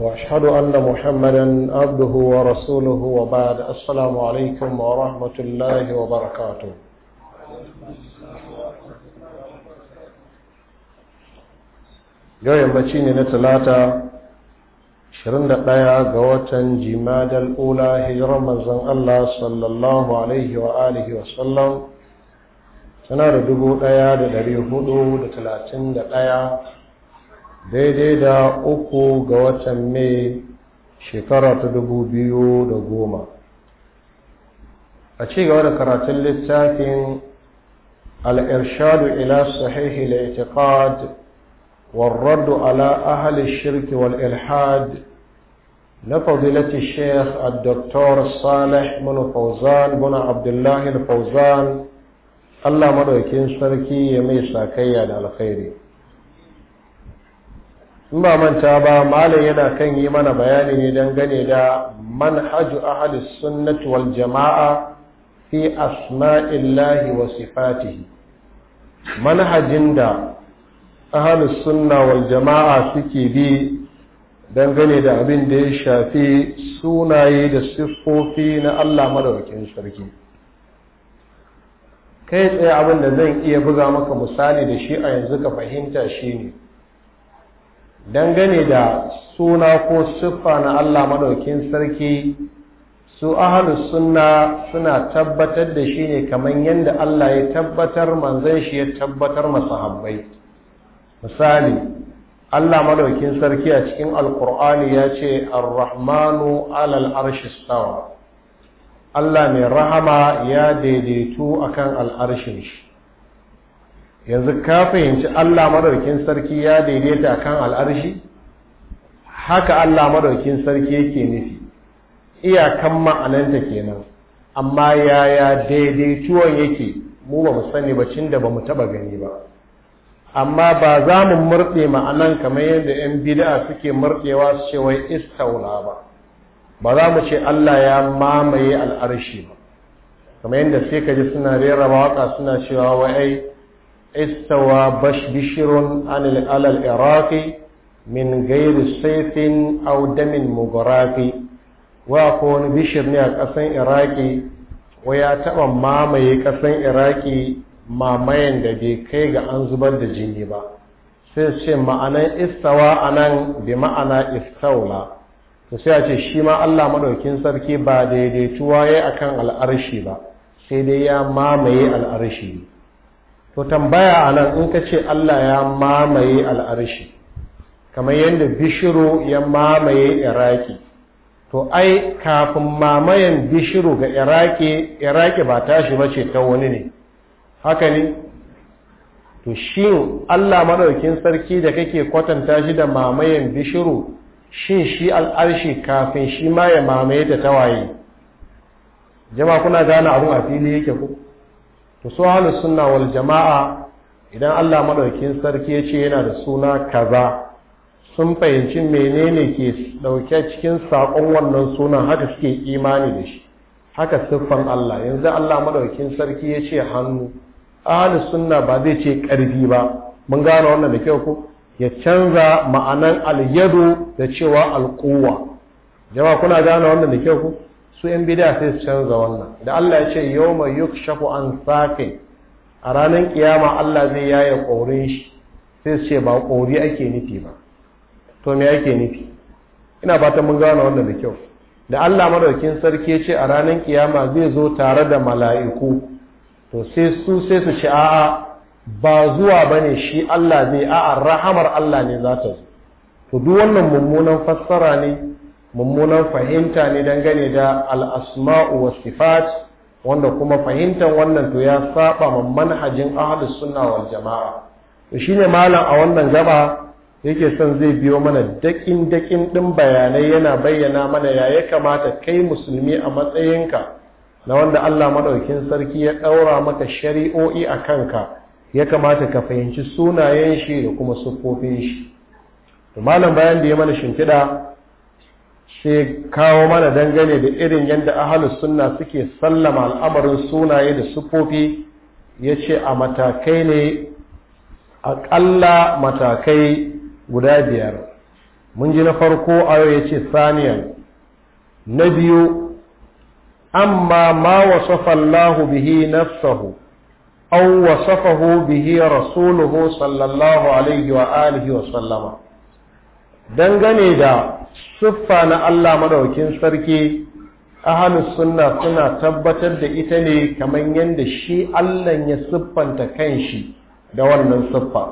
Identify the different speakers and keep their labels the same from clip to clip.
Speaker 1: وأشهد أن محمدا عبده ورسوله وبعد السلام عليكم ورحمة الله وبركاته yau yammaci ne na talata
Speaker 2: 21 ga watan jimadal ula hijirar manzan Allah
Speaker 1: Tana da dubu ɗaya da sallam tana da ɗaya. daidai da uku ga watan Me shekara ta dubu biyu da goma a ci gaba da karatun littafin al’irshadu ila sahihi la itiqad warraddu ala ahli shirki wal ilhad na fadilati sheikh a Dr. salih munu fauzan abdullahi fauzan allah maɗaukin sarki ya mai sakayya da alkhairi in ba manta ba malam yana kan yi mana bayani ne dangane da manhaju ahli sunnati wal jama'a fi asma'illahi wa sifatihi manhajin da ahli sunna wal jama'a suke bi dangane da abin da ya shafi sunaye da siffofi na Allah madaukakin sarki kai tsaye abin da zan iya buga maka misali da shi a yanzu ka fahimta shi ne dangane da suna ko siffa na Allah maɗaukin sarki su ahalu sunna suna tabbatar da shi ne kamar yadda Allah ya tabbatar manzan shi ya tabbatar masu masahabbai misali Allah maɗaukin sarki a cikin alkur'ani ya ce arrahmanu alal arshi stawa Allah mai rahama ya daidaitu akan al'arshin shi yanzu ka fahimci Allah madaukin sarki ya daidaita kan al'arshi haka Allah madaukin sarki yake nufi iyakan ma'ananta kenan amma yaya daidaituwan yake mu ba mu sani ba cin da ba mu taba gani ba amma ba za mu murɗe ma'anan kamar yadda 'yan bid'a suke murɗewa su ce wai istaula ba ba za mu ce Allah ya mamaye al'arshi ba kamar yadda sai ka ji suna rera waƙa suna cewa wai استوى بشبشر عن على العراق من غير سيف أو دم مغراق وأكون بشر نيا قصن ya ويا تبا ماما يقصن عراقي mamayen da bai kai ga an zubar da jini ba sai ce ma'anan استوى a nan ma'ana istaula to sai a ce shi ma allah maɗaukin sarki ba daidaituwa ya akan al'arshi ba sai dai ya mamaye al'arshi to tambaya a nan in ka ce Allah ya mamaye al'arshi kamar yadda bishiru ya mamaye iraki to ai kafin mamayen bishiru ga iraki iraki ba tashi mace ta wani ne haka ne to shi Allah maɗaukin sarki da kake kwatanta shi da mamayen bishiru shin shi al'arshi kafin shi ma ya mamaye ta tawaye jama kuna gane abin a fili yake ku to su ahlus suna wal jama'a idan Allah maɗaukin sarki ya ce yana da suna kaza sun fahimci menene ke ɗauke cikin saƙon wannan sunan haka suke imani da shi haka siffan Allah yanzu Allah maɗaukin sarki ya ce hannu ahlus suna ba zai ce ƙarfi ba mun gano wannan da kyau ko ya canza ma'anan alyado da cewa alƙuwa. jama'a kuna gano wannan da kyau ko su yan bida sai su canza wannan da Allah ya ce yuk shafu an sake a ranar kiyama Allah zai yaye ƙorin shi sai su ce ba ƙori ake nufi ba to me ake nufi ina ta mun wani wanda da kyau da Allah maraukin sarki ya ce a ranar kiyama zai zo tare da mala'iku to sai su sai su ce a'a ba zuwa bane shi Allah zai a'a rahamar Allah ne za ta zo to duk wannan mummunan fassara ne mummunan fahimta ne dangane da al'asma'u wa sifat wanda kuma fahimtar wannan to ya saba ma manhajin ahlus sunna wal jama'a to shi ne malam a wannan gaba yake son zai biyo mana dakin dakin ɗin bayanai yana bayyana mana ya ya kamata kai musulmi a matsayinka na wanda Allah Maɗaukin sarki ya ɗaura maka shari'o'i a kanka ya kamata ka fahimci sunayen shi da kuma siffofin shi to malam bayan da ya mana shimfiɗa shi kawo mana dangane da irin yadda ahalus sunna suke sallama al'amarin sunaye da sufofi ya ce a matakai ne aƙalla matakai guda biyar mun ji na farko ayo ya ce saniyan na biyu amma ma wasafallahu bihi nafsahu wasu wasafahu bihi rasuluhu sallallahu alaihi wa alihi wa sallama dangane da siffa na Allah madaukin sarki ahalus sunna suna tabbatar da ita ne kamar yadda shi Allah ya siffanta kanshi da wannan siffa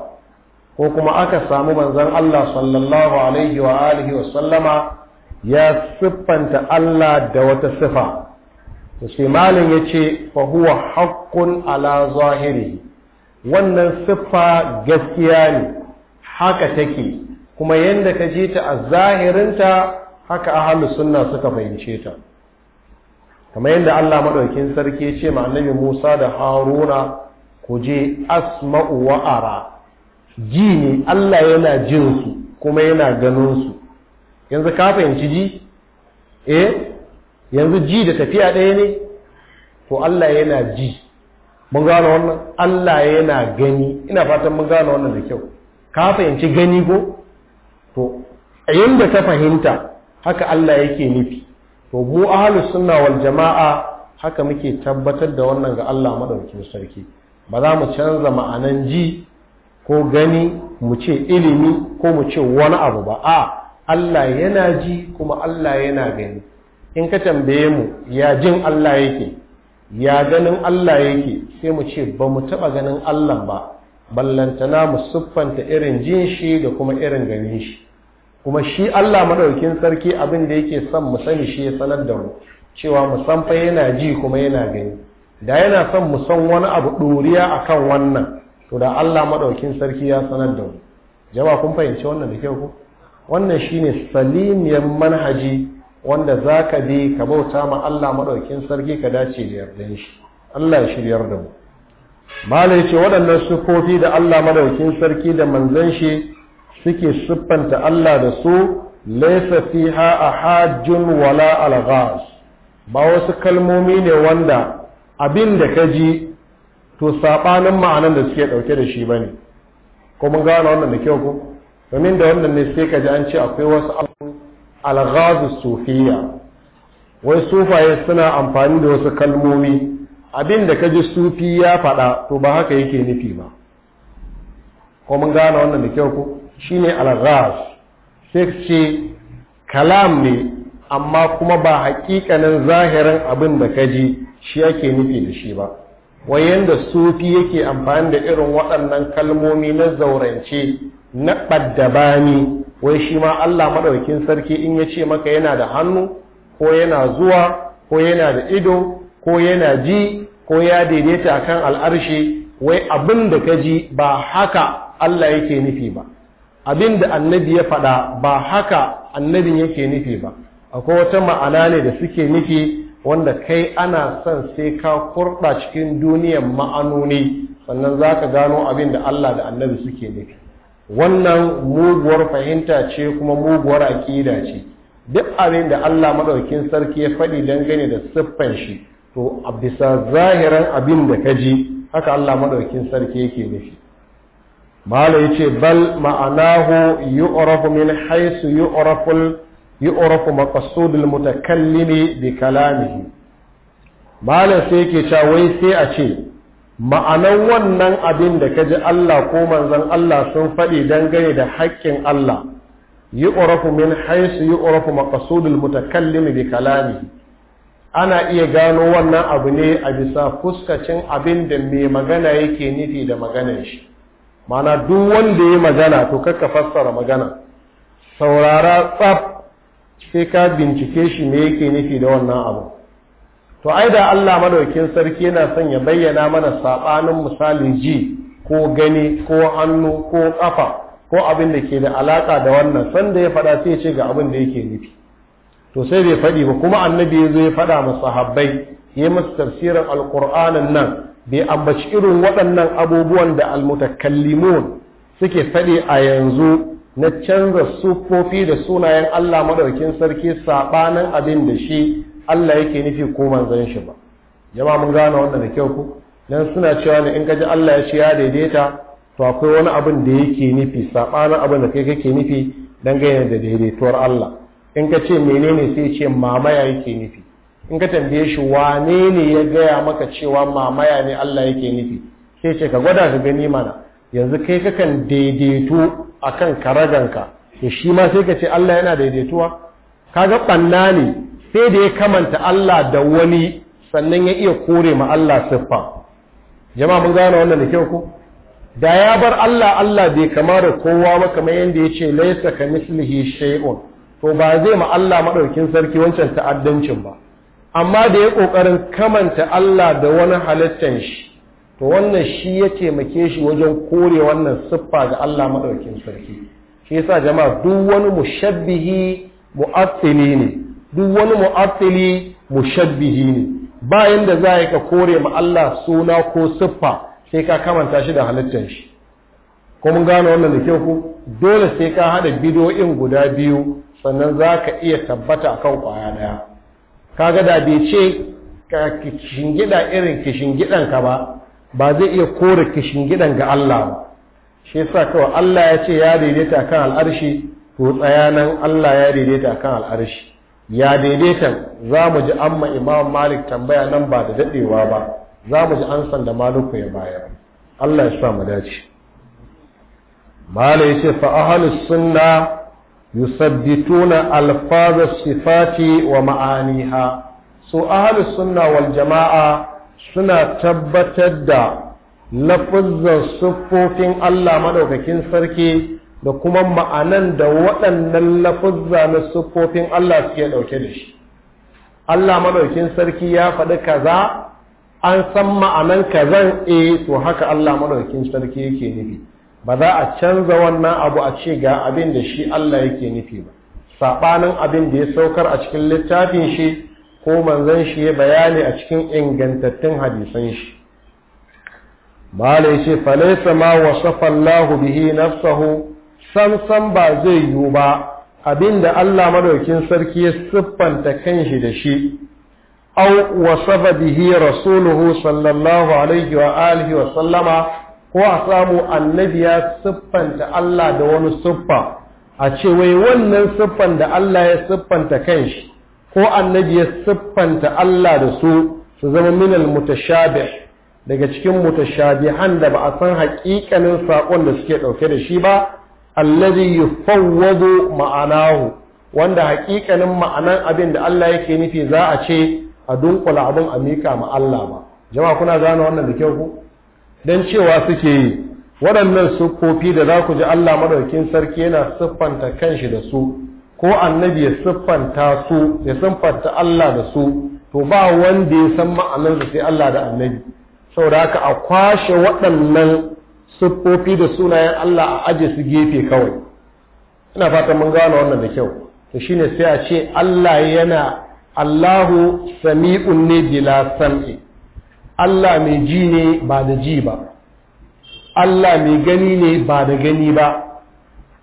Speaker 1: ko kuma aka samu manzon Allah sallallahu alaihi wa alihi wa sallama ya siffanta Allah da wata sifa to sai malam yace fa huwa haqqun ala zahiri wannan siffa gaskiya ne haka take kuma yadda ka ji ta a zahirinta haka ahalus sunna suka fahimce ta kamar yadda Allah maɗaukin sarki ce ma Musa da Haruna ku je asma'u wa'ara, ara ji ne Allah yana jin kuma yana ganin yanzu ka fahimci ji eh yanzu ji da tafiya ɗaya ne to Allah yana ji mun gano wannan Allah yana gani ina fatan mun gano wannan da kyau ka fahimci gani ko to yanda ka fahimta haka Allah yake nufi to mu ahalus sunna wal jama'a haka muke tabbatar da wannan ga Allah madaukakin sarki ba za mu canza ma'anan ji ko gani mu ce ilimi ko mu ce wani abu ba a Allah yana ji kuma Allah yana gani in ka tambaye mu ya jin Allah yake ya ganin Allah yake sai mu ce ba mu taɓa ganin Allah ba ballantana mu siffanta irin jin shi da kuma irin ganin shi kuma shi Allah madaukin sarki abin da yake son mu sani shi ya sanar da mu cewa mu san fa yana ji kuma yana gani da yana son mu san wani abu doriya akan wannan to da Allah madaukin sarki ya sanar da mu jama'a kun fahimci wannan da kyau ko wannan shine salimiyan manhaji wanda zaka bi ka bauta ma Allah madaukin sarki ka dace da yardan shi Allah ya shiryar da mu malai ce waɗannan sufofi da Allah madaukin sarki da manzon shi suke siffanta Allah da su laisa fiha ahajjun wala alghas ba wasu kalmomi ne wanda abin da ka ji to sabanin ma'anan da suke dauke da shi bane ko mun gane wannan da kyau ko domin da wannan ne sai ka ji an ce akwai wasu alghas sufiya wai sufaye suna amfani da wasu kalmomi abin da ka ji sufi ya faɗa to ba haka yake nufi ba ko mun gane wannan da kyau ko shine al-ghaz sai ce kalam ne amma kuma ba haƙiƙanin zahirin abin da ka ji shi yake nufi da shi ba wayan da sufi yake amfani da irin waɗannan kalmomi na zaurance na ɓaddabani wai shi ma Allah madaukin sarki in ya ce maka yana da hannu ko yana zuwa ko yana da ido ko yana ji ko ya daidaita a kan al'arshi wai abin da ka ji ba haka Allah yake nufi ba abin da annabi ya faɗa ba haka annabin yake nufi ba akwai wata ma'ana ne da suke nufi wanda kai ana son sai ka kurɗa cikin duniyar ma'anoni sannan za ka gano abin da Allah da annabi suke nufi wannan muguwar fahimta ce kuma muguwar aƙida ce duk abin da Allah maɗaukin sarki ya faɗi dangane da siffan shi to a bisa zahiran abin da ka ji haka Allah maɗaukin sarki yake nufi mala yace bal ma'anahu yu'rafu min haythu yu'rafu yu'rafu maqsudul mutakallimi bi kalamihi mala sai yake cewa wai sai a ce ma'anan wannan abin da ka ji Allah ko manzon Allah sun faɗi dangane da haƙƙin Allah yu'rafu min haythu yu'rafu maqsudul mutakallimi bi kalamihi ana iya gano wannan abu ne a bisa fuskacin abin da mai magana yake nufi da maganar shi mana duk wanda ya magana to kaka fassara magana saurara tsaf sai ka bincike shi me yake nufi da wannan abu to ai da Allah madaukin sarki yana son ya bayyana mana sabanin misali ji ko gani ko hannu ko kafa ko abin da ke da alaka da wannan sanda ya faɗa sai ya ce ga abin da yake nufi to sai bai faɗi ba kuma annabi ya zo ya faɗa ma sahabbai ya masu tafsirin alƙur'anin nan bai ambaci irin waɗannan abubuwan da almutakallimun suke faɗi a yanzu na canza sufofi da sunayen Allah madaukin sarki sabanin abin da shi Allah yake nufi ko manzon shi ba jama'a mun gane wannan da kyau ku dan suna cewa ne in kaji Allah ya ce ya daidaita to akwai wani abin da yake nufi saɓanin abin da kai kake nufi dangane da daidaituwar Allah in ka ce menene sai ce mamaya yake nufi in ka tambaye shi wane ne ya gaya maka cewa mamaya ne Allah yake nufi sai ce ka gwada ka gani mana yanzu kai kakan daidaito akan karaganka to shi ma sai ka ce Allah yana daidaituwa kaga ɓanna ne sai da ya kamanta Allah da wani sannan ya iya kore ma Allah siffa jama'a mun gane wannan da kyau ko da ya bar Allah Allah bai kama da kowa ba kamar yanda yace ka mislihi shay'un to ba zai ma Allah maɗaukin sarki wancan ta'addancin ba amma da ya ƙoƙarin kamanta Allah da wani halittar shi to wannan shi ya taimake shi wajen kore wannan siffa ga Allah maɗaukin sarki shi yasa jama'a duk wani mushabbihi mu'attili ne duk wani mu'attili mushabbihi ne bayan da za ka kore ma Allah suna ko siffa sai ka kamanta shi da halittar shi ko mun gane wannan da kyau ku dole sai ka haɗa bidoyin guda biyu sannan za ka iya tabbata a kan kwaya ɗaya kaga da bai ce ka kishingida irin kishingidan ka ba ba zai iya kore kishingidan ga Allah ba shi yasa kawai Allah ya ce ya daidaita kan al'arshi to tsayanan Allah ya daidaita kan al'arshi ya daidaita za mu ji amma imam malik tambaya nan ba da daɗewa ba za mu ji an san da maluku ya bayar allah ya sa mu dace mala ya ce fa ahalus sunna yusabbituna alfaz sifati wa ma'aniha so ahlus sunna wal jama'a suna tabbatar da lafazzan siffofin Allah maɗaukakin sarki da kuma ma'anan da waɗannan lafazza na siffofin Allah suke ɗauke da shi Allah maɗaukin sarki ya faɗi kaza an san ma'anan kazan eh to haka Allah maɗaukin sarki yake nufi ba za a canza wannan abu a ce ga abin da shi Allah yake nufi ba saɓanin abin da ya saukar a cikin littafin shi ko manzon shi ya bayani a cikin ingantattun hadisan shi mala ce falaysa ma wasafa Allah bihi nafsahu san san ba zai yiwu ba abin da Allah madaukin sarki ya siffanta kanshi da shi aw wasafa bihi rasuluhu sallallahu alaihi wa alihi wa sallama ko a samu annabi ya siffanta Allah da wani siffa a ce wai wannan siffan da Allah ya siffanta kanshi ko annabi ya siffanta Allah da su su zama minal mutashabih daga cikin mutashabihan da ba a san haƙiƙanin saƙon da suke ɗauke da shi ba allazi yufawwadu ma'anahu wanda haƙiƙanin ma'anan abin da Allah yake nufi za a ce a dunkula abin a mika ma Allah ba jama'a kuna gane wannan da kyau ku don cewa suke yi waɗannan siffofi da za ku ji Allah maɗaukin sarki yana siffanta kanshi da su ko annabi ya siffanta su ya siffanta Allah da su to ba wanda ya san da sai Allah da annabi saboda haka a kwashe waɗannan siffofi da sunayen Allah a aje su gefe kawai ina fatan mun gano wannan da kyau to shine sai a ce Allah yana Allahu sami'un ne bila sam'i Allah mai ji ne ba da ji ba Allah mai gani ne ba da gani ba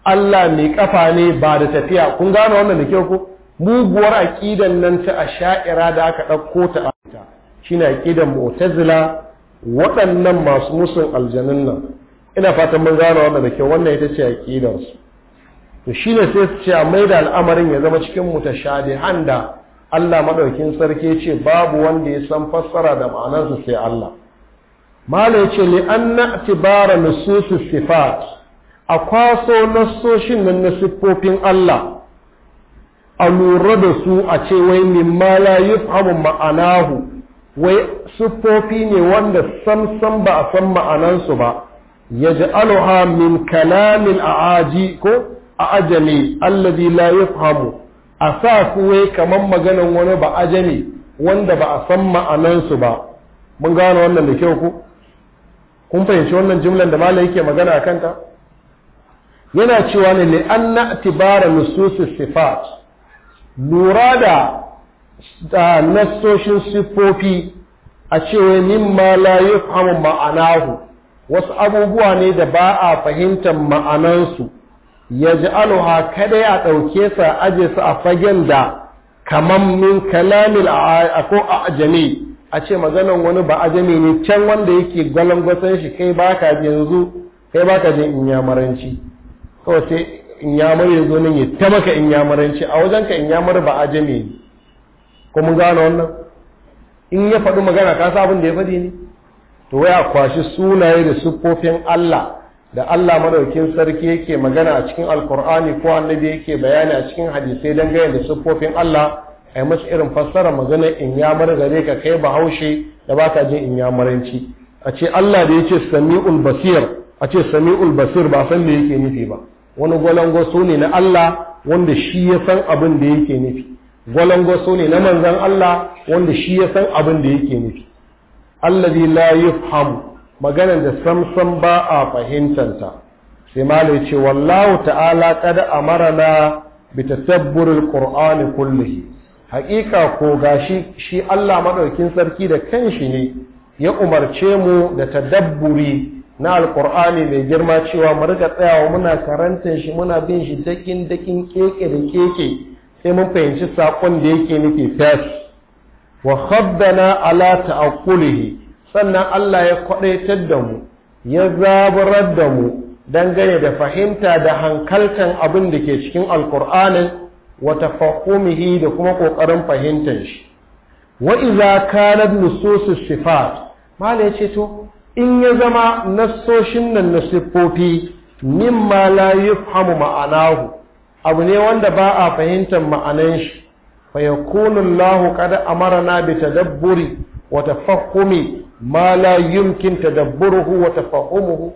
Speaker 1: Allah mai kafa ne ba da tafiya kun gane wannan da kyau ku? muguwar ƙidan nan ta a sha'ira da aka ɗauko ta ta shine aqidan mu'tazila waɗannan masu musun aljanun nan ina fatan mun gano wannan da kyau wannan ita ce to shine sai su ce a da al'amarin ya zama cikin mutashadihan da Allah madaukin sarki ce babu wanda ya san fassara da ma'anarsa sai Allah malam ya ce li na tibara nususus sifat a kwaso nasoshin nan na siffofin Allah a lura da su a ce wai mimma la yufhamu ma'anahu wai siffofi ne wanda samsam ba a san ma'anansu ba yaj'aluha min a aji ko a ajami alladhi la yufhamu a sa wai kamar maganan wani ba ajami wanda ba a san ma'anansu ba mun gano wannan da kyau ku kun fahimci wannan jimlan da malai yake magana a kanta yana cewa ne li an na tibara nususus sifat lura da nasoshin sifofi, a cewa ma la yi ma'anahu wasu abubuwa ne da ba a fahimtar ma'anansu ya ji aluha kada ya ɗauke sa aje su a fagen da kamar min kalamil a ko a ajami a ce maganan wani ba ajami ne can wanda yake gwalangwasan shi kai baka yanzu kai baka jin inyamuranci kawai sai inyamar ya zo nan ya ta maka inyamuranci a wajen ka inyamar ba ajami ne ko mun gane wannan in ya faɗi magana ka sa abin da ya faɗi ne to a kwashi sunaye da siffofin Allah da Allah madaukin sarki yake magana a cikin alkur'ani ko annabi yake bayani a cikin hadisai gaya da siffofin Allah a yi irin fassara magana in ya gare ka kai bahaushe da ba ka jin in ya maranci a ce Allah da ya ce sami'ul basir a ce sami'ul basir ba san da yake nufi ba wani gwalangwaso ne na Allah wanda shi ya san abin da yake nufi gwalangwaso ne na manzan Allah wanda shi ya san abin da yake nufi allazi la yafhamu maganar da samsam ba a fahimtanta sai malai ce wallahu ta'ala kada amarana bi tasabburil qur'ani kullihi haqiqa ko gashi shi Allah madaukin sarki da kanshi ne ya umarce mu da tadabburi na alqur'ani mai girma cewa mu riga tsayawa muna karantar shi muna bin shi dakin dakin keke da keke sai mun fahimci saƙon da yake nufi fas wa khaddana ala ta'qulihi sannan Allah ya kwadaitar da mu ya zaburar da mu dangane da fahimta da hankaltan abin da ke cikin alkur'anin wata fahimihi da kuma ƙoƙarin fahimtar shi wa idza kanat nususus sifat mala ce to in ya zama nasoshin nan na siffofi ma la yufhamu ma'anahu abu ne wanda ba a fahimtar ma'anan shi fa yakunu Allah qad amarna bi tadabburi wa tafakkumi ma la yumkin tadabburuhu wa tafahumuhu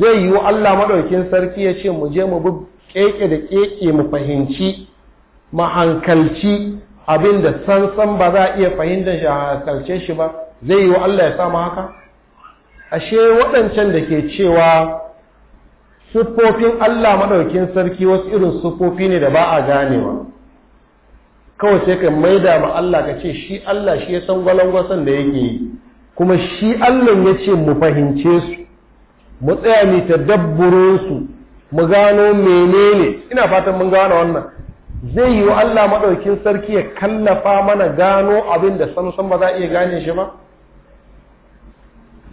Speaker 1: zai yi wa Allah madaukin sarki ya ce mu je mu bi keke da keke mu fahimci mu hankalci abinda san sansan ba za a iya fahimtar shi a hankalce shi ba zai yi wa Allah ya samu haka ashe waɗancan da ke cewa siffofin Allah madaukin sarki wasu irin siffofi ne da ba a ganewa kawai sai ka maida ma Allah ka ce shi Allah shi ya san gwalangwasan da yake yi kuma shi Allah ya ce mu fahimce su mu tsaya ta tadabburin su mu gano menene ina fatan mun gano wannan zai yi wa Allah maɗaukin sarki ya kallafa mana gano abin da san ba za a iya gane shi ba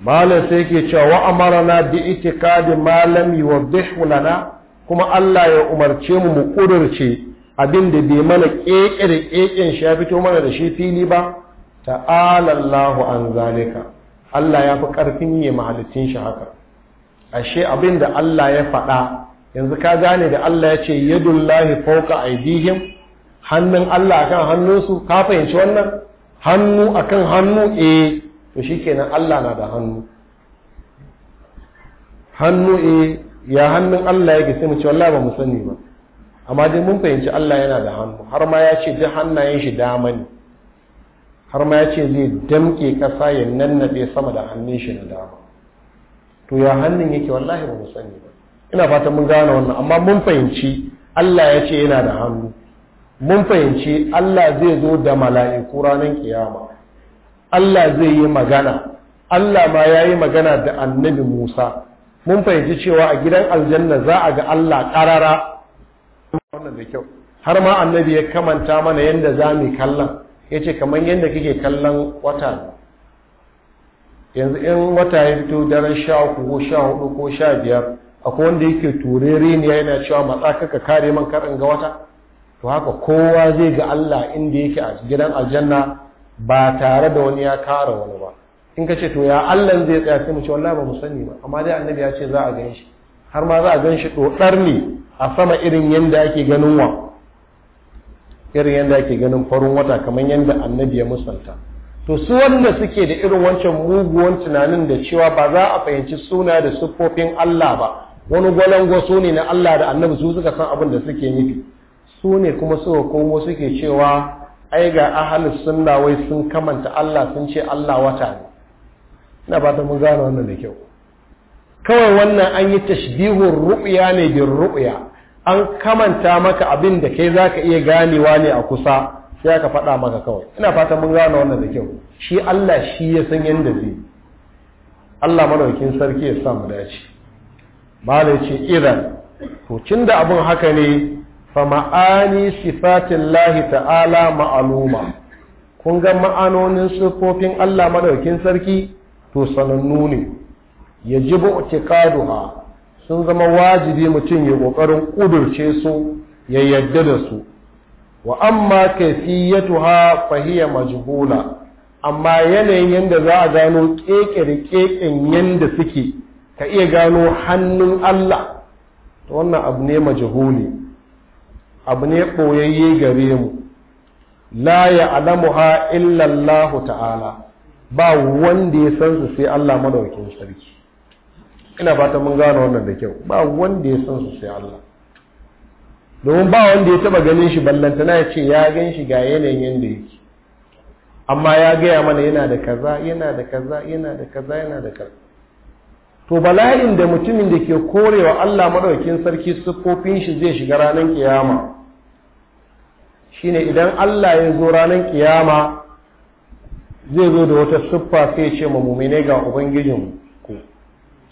Speaker 1: malam sai ke cewa wa amarna bi itikadi malam wa lana kuma Allah ya umarce mu mu ƙudurce abin da bai mana ƙeƙe da ƙeƙen shi ya fito mana da shi fili ba ta'ala Allahu an zalika Allah ya fi ƙarfin yi mahalicin shi haka ashe abin da Allah ya faɗa yanzu ka gane da Allah ya ce yadullahi fauka aydihim hannun Allah akan hannunsu ka fahimci wannan hannu akan hannu eh to shikenan Allah na da hannu hannu eh ya hannun Allah yake sai mu ce wallahi ba mu sani ba amma dai mun fahimci Allah yana da hannu har ma ya ce duk hannayen shi dama ne har ma ya ce zai damke ƙasa ya nannaɗe sama da hannun shi na dama to ya hannun yake wallahi ba mu sani ba ina fatan mun gane wannan amma mun fahimci Allah ya ce yana da hannu mun fahimci Allah zai zo da mala'iku ranar kiyama Allah zai yi magana Allah ma ya yi magana da annabi Musa mun fahimci cewa a gidan aljanna za a ga Allah ƙarara wannan kyau har ma annabi ya kamanta mana yadda za mu kallon ya ce kamar yadda kike kallon wata yanzu in wata ya fito daren sha uku ko sha hudu ko sha biyar akwai wanda yake turere ne yana cewa matsa kaka kare man karin ga wata to haka kowa zai ga Allah inda yake a gidan aljanna ba tare da wani ya kara wani ba in ka ce to ya Allah zai tsaya sai mu ce wallahi ba mu sani ba amma dai annabi ya ce za a gan shi har ma za a gan shi dodar ne a sama irin yadda ake ganin wa irin yadda ake ganin farin wata kamar yadda annabi ya musanta to su wanda suke da irin wancan muguwan tunanin da cewa ba za a fahimci suna da siffofin Allah ba wani su ne na Allah da annabi su suka san abin da suke nufi su ne kuma suka komo suke cewa ai ga ahalus sunna wai sun kamanta Allah sun ce Allah wata ne ina ba ta mun gane wannan da kyau kawai wannan an yi tashbihun ru'ya ne bin ru'ya an kamanta maka abin da kai za ka iya ganewa ne a kusa sai aka faɗa maka kawai ina fata mun gane wannan da kyau shi Allah shi ya san yadda zai Allah madaukin sarki ya sa mu dace mala ce idan to da abin haka ne fa ma'ani sifatin lahi ta'ala ma'aluma kun ga ma'anonin sifofin Allah madaukin sarki to sanannu ne yajibu itiqaduha sun zama wajibi mutum ya ƙoƙarin ƙudurce su ya yadda da su wa amma tuha fahiya majhula amma yanayin yanda za a gano ƙeƙe da yanda suke ka iya gano hannun Allah to wannan abu ne majhuli abu ne ɓoyayye gare mu la alamu illa Allah ta'ala ba wanda ya san su sai Allah madaukakin sarki ina fata mun gane wannan da kyau ba wanda ya san su sai Allah domin ba wanda ya taba ganin shi ballanta na ce ya gan shi ga yanayin yanda yake amma ya gaya mana yana da kaza yana da kaza yana da kaza yana da kaza to bala'in da mutumin da ke korewa Allah madaukakin sarki siffofin shi zai shiga ranar kiyama shine idan Allah ya zo ranar kiyama zai zo da wata siffa sai ya ce ma mumine ga ubangijinmu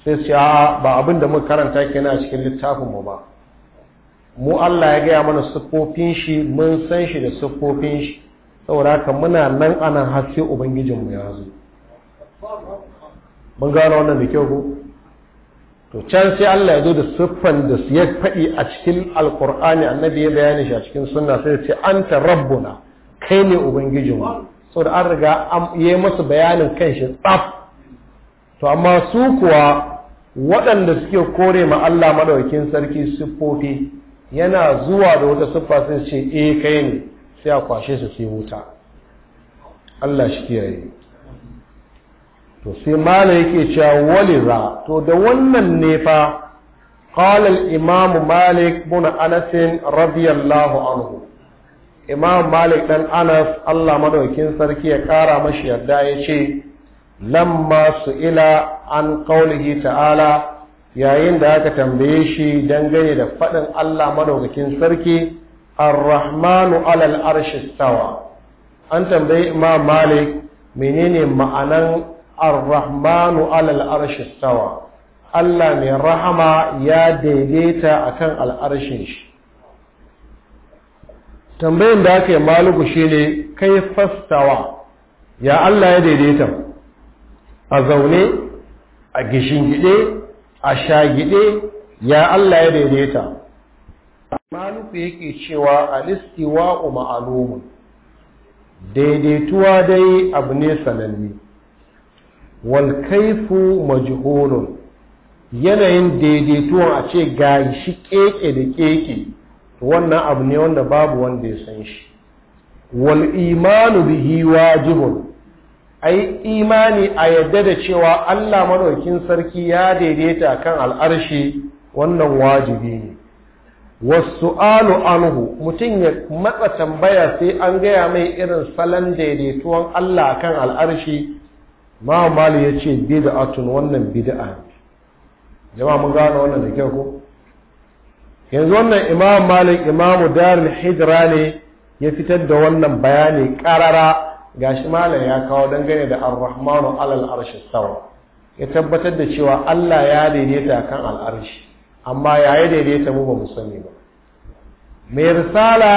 Speaker 1: sai su ba abin da muka karanta ke a cikin littafin mu ba mu Allah ya gaya mana siffofin shi mun san shi da siffofin shi saboda haka muna nan ana haske ubangijin mu ya zo mun gano wannan da kyau ko to can sai Allah ya zo da siffan da su ya faɗi a cikin alkur'ani annabi ya bayani shi a cikin sunna sai ya ce anta rabbuna kai ne ubangijinmu saboda an riga ya masa bayanin kan shi tsaf to amma su kuwa waɗanda suke kore ma Allah maɗaukin sarki siffofi yana zuwa da wata siffa sai ce eh kai ne sai a kwashe su sai wuta Allah shi yi. to sai malai yake cewa waliza to da wannan ne fa qala al imam malik bin anas radiyallahu anhu imam malik dan anas Allah maɗaukin sarki ya kara mashi yadda ce. lamma su'ila an qaulihi ta'ala yayin da aka tambaye shi dangane da faɗin Allah madaukakin sarki ar-rahmanu alal arshi stawa an tambayi imam malik menene ma'anan ar-rahmanu alal arshi stawa Allah mai rahama ya daidaita akan al'arshin shi tambayin da aka yi maluku ne kai fastawa ya Allah ya daidaita a zaune a gishin gide a sha gide ya Allah ya daidaita nufi yake cewa alistiwa'u ma'alumun daidaituwa dai abu ne sananne wal kaifu yanayin daidaituwa a ce ga shi keke da keke wannan abu ne wanda babu wanda ya san shi wal imanu bihi wajibun a imani a yadda da cewa Allah madaukin sarki ya daidaita kan al'arshi wannan wajibi ne wasu alu anhu mutum ya matsa tambaya sai an gaya mai irin salon daidaituwan Allah kan al'arshi ma'amalu ya ce atun wannan bida jama'a mun gano wannan da kyau ko yanzu wannan imam malik imamu darul hijra ne ya fitar da wannan bayani ƙarara gashi malam ya kawo dangane da ar-rahmanu alal arshi sawa ya tabbatar da cewa Allah ya daidaita kan al'arshi amma ya yi daidaita mu ba mu sani ba mai risala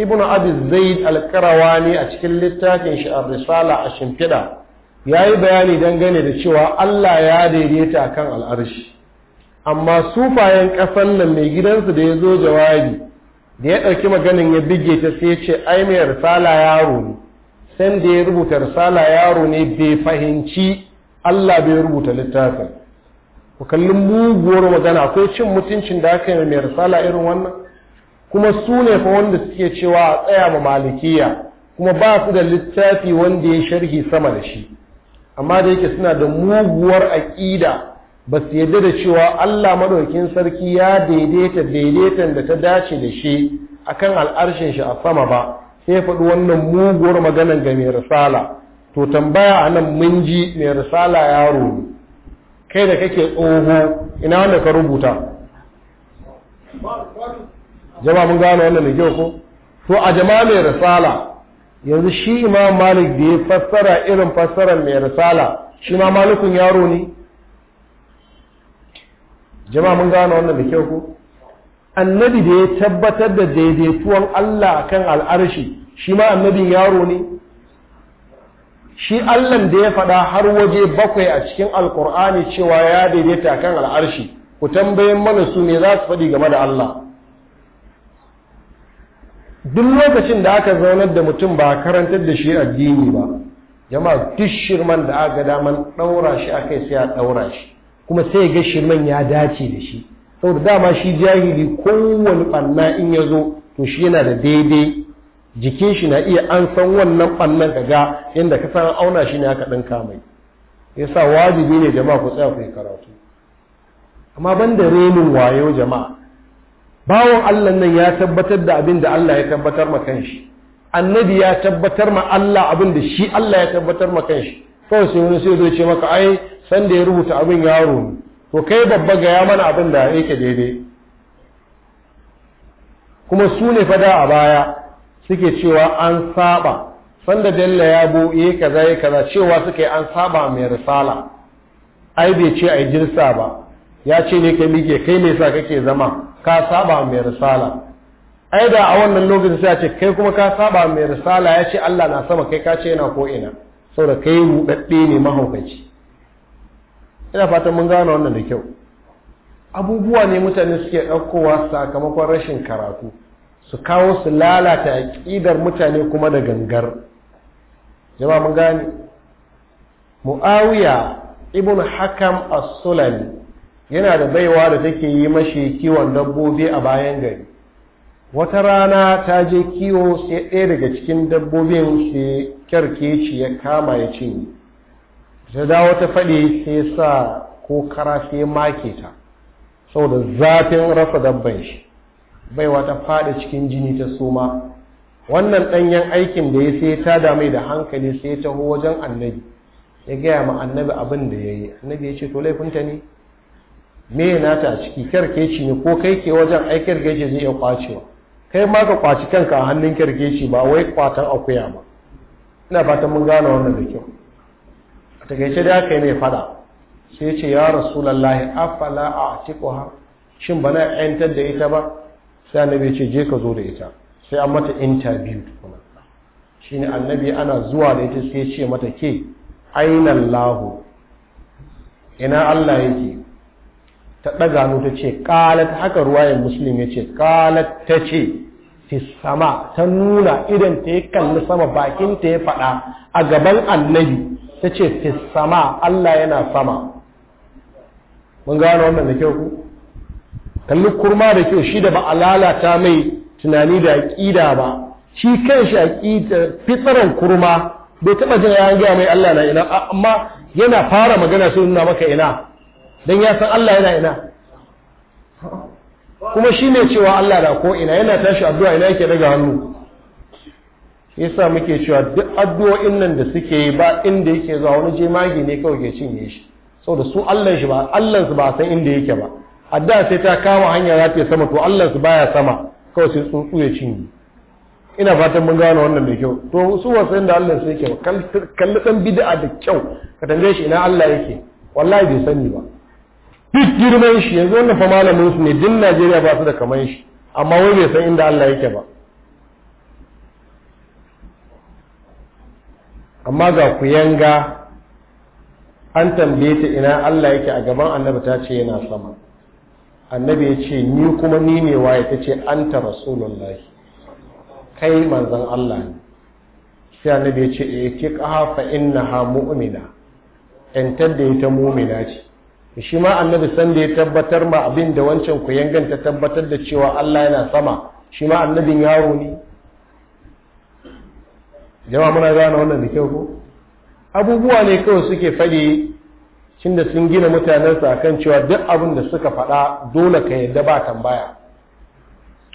Speaker 1: ibnu abi zaid al-qarawani a cikin littafin shi ar-risala a shimfiɗa ya yi bayani dangane da cewa Allah ya daidaita kan al'arshi amma sufayen ƙasar nan mai gidansu da ya zo jawabi da ya ɗauki maganin ya bige ta sai ce ai mai risala yaro ne Sanda da ya rubuta risala yaro ne bai fahimci Allah bai rubuta littafin ku kalli muguwar magana akwai cin mutuncin da aka yi mai risala irin wannan kuma su ne fa wanda suke cewa a tsaya ma malikiya kuma ba su da littafi wanda ya sharhi sama da shi amma da yake suna da muguwar aƙida ba su yadda da cewa Allah madaukin sarki ya daidaita daidaitan da ta dace da shi akan al'arshin shi a sama ba sai ya faɗi wannan muguwar maganan ga mai risala to tambaya a nan mun ji mai risala yaro kai da kake tsoho ina wanda ka rubuta jama mun gano wannan da kyau ko to a jama'a mai risala yanzu shi imam malik da ya fassara irin fassarar mai risala shi ma malikun yaro ne jama mun gano wannan da kyau ko annabi da ya tabbatar da daidaituwan Allah kan al'arshi shi ma annabin yaro ne shi Allahn da ya faɗa har waje bakwai a cikin alkur'ani cewa ya daidaita kan al'arshi ku tambayin mana su ne za su faɗi game da Allah duk lokacin da aka zaunar da mutum ba karantar da shi addini ba jama'a duk shirman da aka daman ɗaura shi akai sai a ɗaura shi kuma sai ga shirman ya dace da shi saboda dama shi jahili kowane ɓanna in ya zo to shi yana da daidai jikin shi na iya an san wannan ɓannan ka ga inda ka san auna shi ne aka kamai. Ya sa wajibi ne jama'a ku tsaya ku yi karatu amma ban da renin wayo jama'a bawon Allah nan ya tabbatar da abin da Allah ya tabbatar ma kanshi annabi ya tabbatar ma Allah abin da shi Allah ya tabbatar ma kanshi kawai sai wani sai zai ce maka ai sanda ya rubuta abin yaro ne to kai babba gaya mana abin da yake daidai kuma su ne fada a baya suke cewa an saba sanda dalla ya bu yi kaza yi kaza cewa suke an saba mai risala ai bai ce ai jirsa ba ya ce ne ka mike kai ne sa kake zama ka saba mai risala ai da a wannan lokacin sai ce kai kuma ka saba mai risala ya ce Allah na sama kai ka ce yana ko ina saboda kai rudadde ne mahaukaci ina fatan mun gane wannan da kyau abubuwa ne mutane suke ɗaukowa sakamakon rashin karatu su kawo su lalata aƙidar mutane kuma da gangar jama mun gane mu'awiya ibn hakam as-sulami yana da baiwa da take yi mashi kiwon dabbobi a bayan gari wata rana ta je kiwo sai ɗaya daga cikin dabbobin sai kyarkeci ya kama ya cinye ta dawo ta faɗi sai sa ko kara sai make ta saboda zafin rasa dabban shi baiwa ta faɗi cikin jini ta suma wannan ɗanyen aikin da ya sai ta dame da hankali sai ta taho wajen annabi ya gaya ma annabi abin da ya yi annabi ya ce to laifinta ne me na ta ciki kyarkeci ne ko kai ke wajen ai kyarkeci zai iya kwacewa kai ma ka kwaci kanka a hannun kyarkeci ba wai kwatan akuya ba ina fatan mun gane wannan da kyau takaice da aka yi mai fada sai ce ya rasulallahi afala a tiƙuha shin bana yantar da ita ba sai annabi ce je ka zo da ita sai an mata interview tukuna ne annabi ana zuwa da ita sai ce mata ke ainihin lahu ina Allah yake ta ɗaga nu ta ce ƙalata, haka ruwayen musulun ya ce ƙalata ce fi sama ta nuna idan ta ya kalli sama bakin ta ya faɗa a gaban annabi ta ce fi sama Allah yana sama mun gano wannan da kyau ku kalli kurma da kyau shi da ba a lalata mai tunani da aƙida ba shi kan shi aƙida fitsarin kurma bai taɓa jin ya gaya mai Allah na ina amma yana fara magana sai nuna maka ina don ya san Allah yana ina kuma shi ne cewa Allah na ko ina yana tashi addu'a ina yake daga hannu yasa muke cewa duk addu'o'in nan da suke yi ba inda yake zuwa wani jemage ne kawai ke cinye shi saboda su Allah shi ba Allah su ba san inda yake ba adda sai ta kama hanya za ta sama to Allah su baya sama kawai sai tsuntsu ya cinye ina fatan mun gano wannan da kyau to su wasu inda Allah su yake ba kalli dan bid'a da kyau ka tambaye shi ina Allah yake wallahi bai sani ba duk girman shi yanzu wannan fa malamin su ne din Najeriya ba su da kaman shi amma wai bai san inda Allah yake ba amma ga ku yanga an tambaye ta ina Allah yake a gaban annabi ta ce yana sama annabi ya ce ni kuma ni ne waye ta ce an ta rasulullahi kai manzon Allah ne sai annabi ya ce e ki qafa innaha mu'mina yantar da ita mu'mina ce shi ma annabi san da ya tabbatar ma abin da wancan ku yangan ta tabbatar da cewa Allah yana sama shi ma annabin yaro ne jama'a muna gane wannan da kyau ko abubuwa ne kawai suke faɗi cin da sun gina mutanensu a kan cewa duk abin da suka faɗa dole ka yadda ba tambaya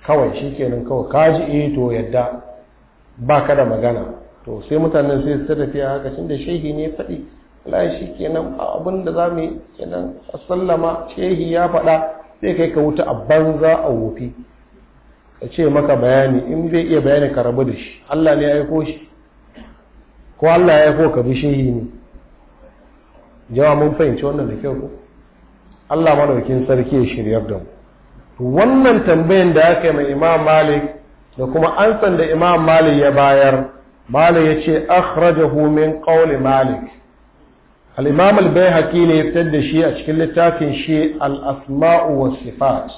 Speaker 1: kawai shi kawai ka ji eh to yadda ba ka da magana to sai mutanen sai su tafiya haka cin da shehi ne faɗi wallahi shi abin da za mu yi kenan sallama shehi ya faɗa sai kai ka wuta a banza a wofi ka ce maka bayani in zai iya bayani ka rabu da shi Allah ne ya aiko shi ko Allah ya ko ka bi shehi ne jawa mun fahimci wannan da kyau ko Allah madaukin sarki ya shiryar da mu wannan tambayan da aka yi mai imam malik da kuma ansan da imam malik ya bayar malik ya ce akhrajahu min qawli malik al-imam al-baihaqi ne ya fitar da shi a cikin littafin shi al-asma'u was sifat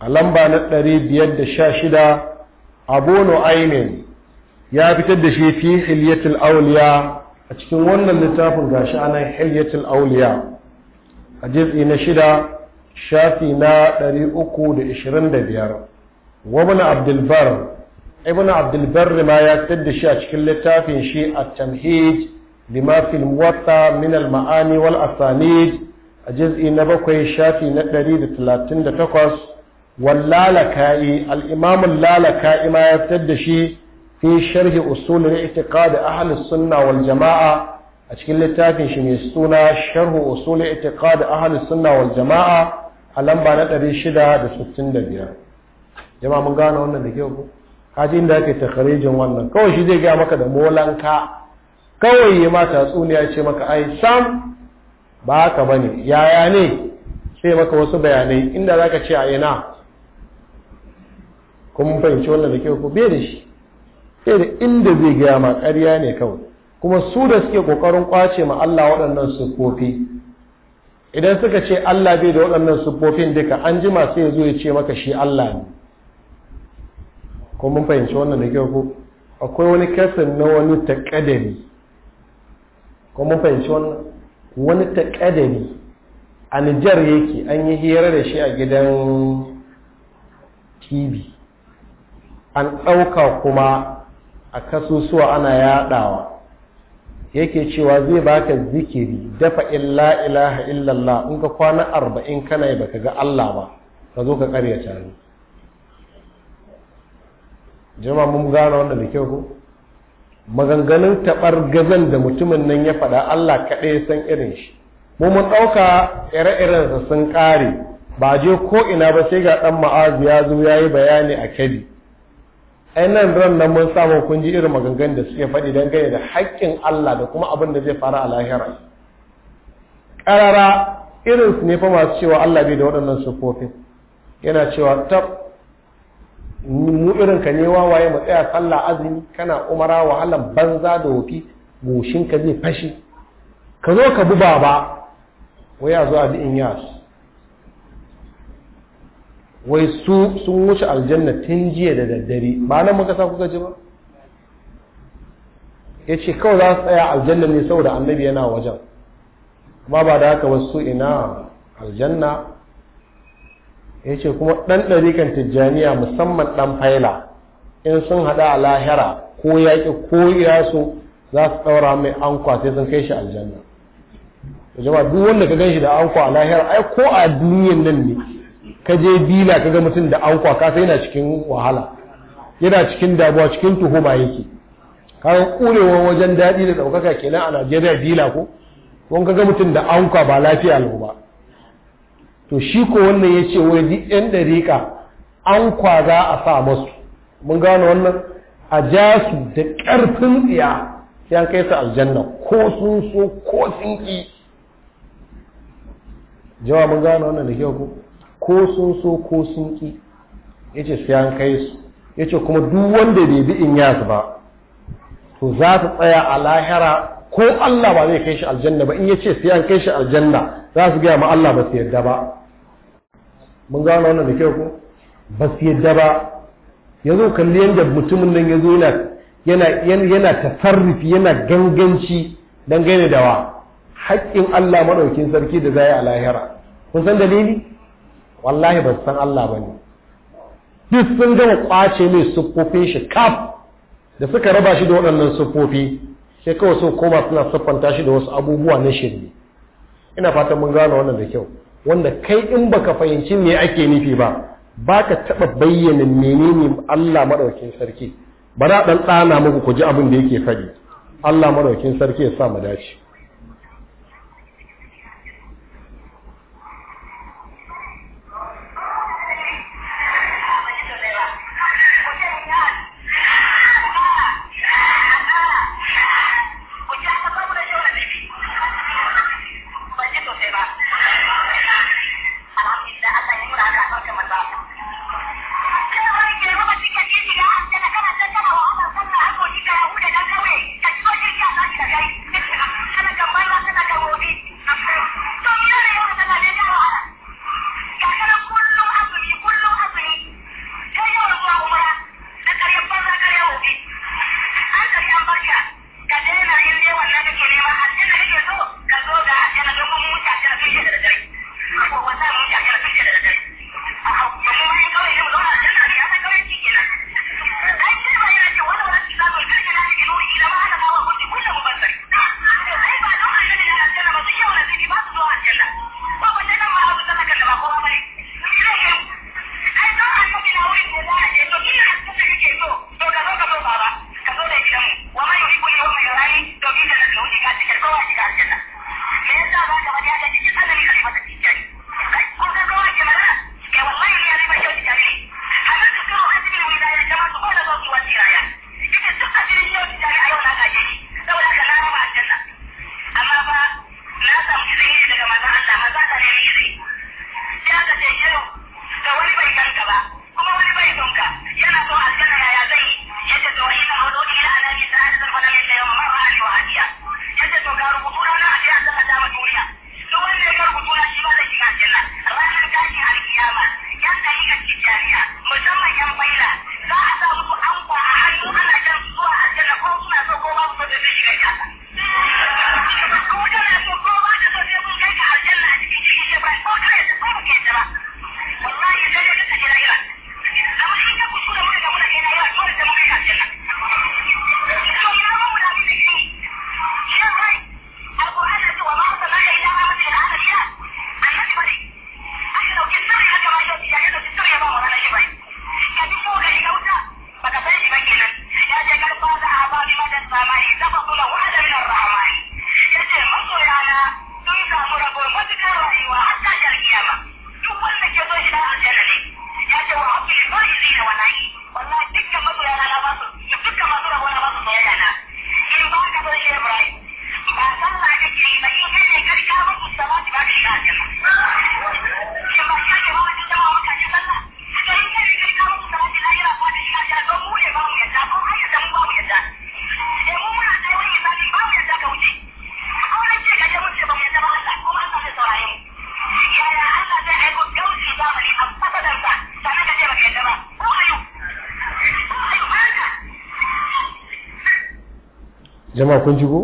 Speaker 1: a lamba na 516 abu nu'aymin ya fitar da shi fi hilyatul auliya a cikin wannan littafin gashi anan hilyatul auliya a juz'i na shida shafi na 325 wa ibn abdul bar ibn abdul ma ya fitar da shi a cikin littafin shi at-tamhid lima fil muwatta min al-ma'ani wal asanid a juz'i na bakwai shafi na 138 wal lalaka'i al-imam al-lalaka'i ma ya fitar da shi fi sharhi usulul i'tiqad ahli sunna wal jama'a a cikin littafin shi mai suna sharhu usulul i'tiqad ahli sunna wal jama'a a lamba na 665 jama'a mun gane wannan da kyau ko kaji inda ake takharijin wannan kawai shi zai ga maka da molanka kawai ya ma tatsuniya ce maka ai sam ba haka bane yaya ne sai maka wasu bayanai inda zaka ce a ina kun fahimci wannan da kyau ko bai da shi sai da inda zai gaya ma ƙarya ne kawai kuma su da suke ƙoƙarin ƙwace ma Allah waɗannan siffofi idan suka ce Allah bai da waɗannan siffofin duka an ji sai yanzu zo ya ce maka shi Allah ne ko mun fahimci wannan da kyau ko akwai wani kasan na wani taƙadari ko mun fahimci wannan wani taƙadari a Nijar yake an yi hira da shi a gidan TV an ɗauka kuma a kasusuwa ana yadawa yake cewa zai baka zikiri dafa illa ilaha illallah in ka kwana arba'in kana yi baka ga Allah ba ka zo ka karya tare jama mun gane wanda da kyau ko maganganun tabar gazan da mutumin nan ya faɗa Allah kaɗai ya san irin shi mu mun ɗauka ire iren sa sun ƙare ba je ko ina ba sai ga ɗan ma'azu ya zo ya yi bayani a kadi ainihin ran nan mun samu kun ji irin maganganun da suke faɗi don gane da haƙƙin Allah da kuma abin da zai fara a lahira ƙarara irin su ne fa masu cewa Allah bai da waɗannan sifofin, yana cewa tab mu irin ka ne wawaye mu tsaya sallah azumi kana umara wahalan banza da wofi goshin ka zai fashi ka zo ka buba ba wai a zo a bi in yasu wai su sun wuce aljanna tun jiya da daddare ba nan muka sa kuka ji ba ya ce kawai za su tsaya aljanna ne saboda annabi yana wajen ba ba da haka wasu ina aljanna ya ce kuma ɗan ɗarikan tijjaniya musamman ɗan faila in sun haɗa a lahira ko yaƙi ko yaso za su ɗaura mai ankwa sai sun kai shi aljanna jama'a duk wanda ka gan shi da ankwa a lahira ai ko a duniyan nan ne ka je bila ka ga mutum da ankwa ka sai yana cikin wahala yana cikin damuwa cikin tuhuma yake kayan ƙurewar wajen daɗi da ɗaukaka kenan a najeriya dila ko wani ka ga mutum da ankwa ba lafiya lau ba to shi ko wannan ya ce wai duk yan an kwa za a sa masu mun gano wannan a ja su da ƙarfin tsiya sai an kai su aljanna ko sun so ko sun ƙi jawa gano wannan da kyau ko ko sun so ko sun ƙi ya ce sai an kai su ya ce kuma duk wanda bai bi in yasu ba to za su tsaya a lahira ko Allah ba zai kai shi aljanna ba in ya ce sai an kai shi aljanna za su gaya ma Allah ba su yadda ba mun gano wannan da kyau ko ba su yadda ba yanzu kalli yadda mutumin nan ya zo yana tasarrufi yana ganganci don gani da wa haƙƙin Allah maɗaukin sarki da zai a lahira kun san dalili wallahi ba san Allah ba ne duk sun gama kwace mai siffofin shi kaf da suka raba shi da waɗannan siffofi sai kawai sun koma suna siffanta shi da wasu abubuwa na shirme ina fatan mun gano wannan da kyau wanda kai in baka fahimci me ake nufi ba baka taba bayyana menene Allah madaukakin sarki bara dan tsana muku ku ji abin da yake faɗi Allah madaukakin sarki ya sa mu dace jama'a kun jigo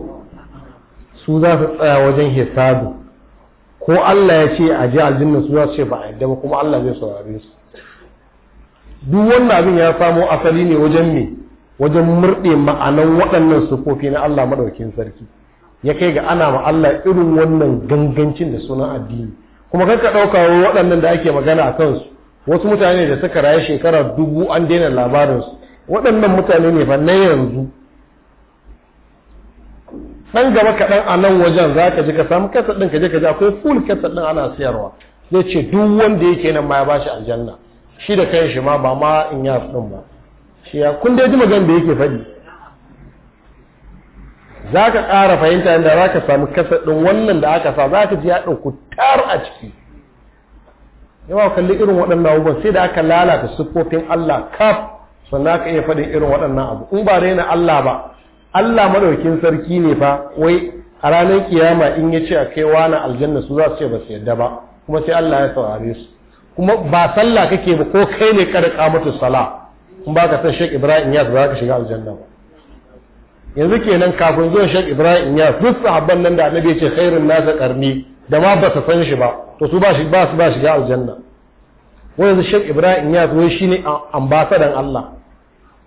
Speaker 1: su za su tsaya wajen hisabu ko Allah ya ce a ji aljanna su za su ce ba a yadda ba kuma Allah zai saurare su duk wannan abin ya samo asali ne wajen me wajen murɗe ma'anan waɗannan sufofi na Allah maɗaukin sarki ya kai ga ana ma Allah irin wannan gangancin da sunan addini kuma ka ɗauka waɗannan da ake magana a kansu wasu mutane da suka rayu shekara dubu an daina labarinsu waɗannan mutane ne fa na yanzu ɗan gaba kaɗan a nan wajen za ka je ka samu kasar ɗin ka je ka je akwai full kasar ɗin ana siyarwa zai ce duk wanda yake nan ma ya bashi aljanna shi da kan shi ma ba ma in ya ɗin ba shi ya kun dai ji magan da yake faɗi za ka ƙara fahimta inda za ka samu kasar ɗin wannan da aka sa za ka ji ya ɗauku tar a ciki yawa kalli irin waɗannan abubuwan sai da aka lalata siffofin Allah kaf sannan aka iya faɗin irin waɗannan abu in ba raina Allah ba Allah madaukin sarki ne fa wai a ranar kiyama in ya ce a kai wani aljanna su za su ce ba su yadda ba kuma sai Allah ya saurare su kuma ba sallah kake ba ko kai ne kada kamatu sala in ba ka san Sheikh Ibrahim Yas ba za ka shiga aljanna ba yanzu kenan kafin zuwan Sheikh Ibrahim Yas duk sahabban nan da Annabi ya ce khairun nasa karni da ma ba su san shi ba to su ba shi ba su ba shiga aljanna yanzu Sheikh Ibrahim Yas wai shine ambasadan Allah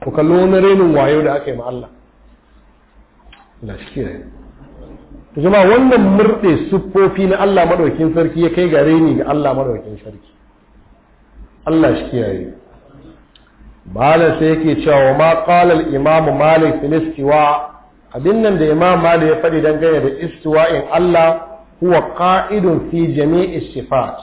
Speaker 1: ku kallo wani renin wayo da aka yi ma Allah Allah shi kiyaye to jama'a wannan murde siffofi na Allah madaukakin sarki ya kai gare ni ga Allah madaukakin sarki Allah shi kiyaye malam sai yake cewa ma qala al imam malik fil istiwa abin nan da imam malik ya faɗi dangane da in Allah huwa qa'idun fi jami'i sifat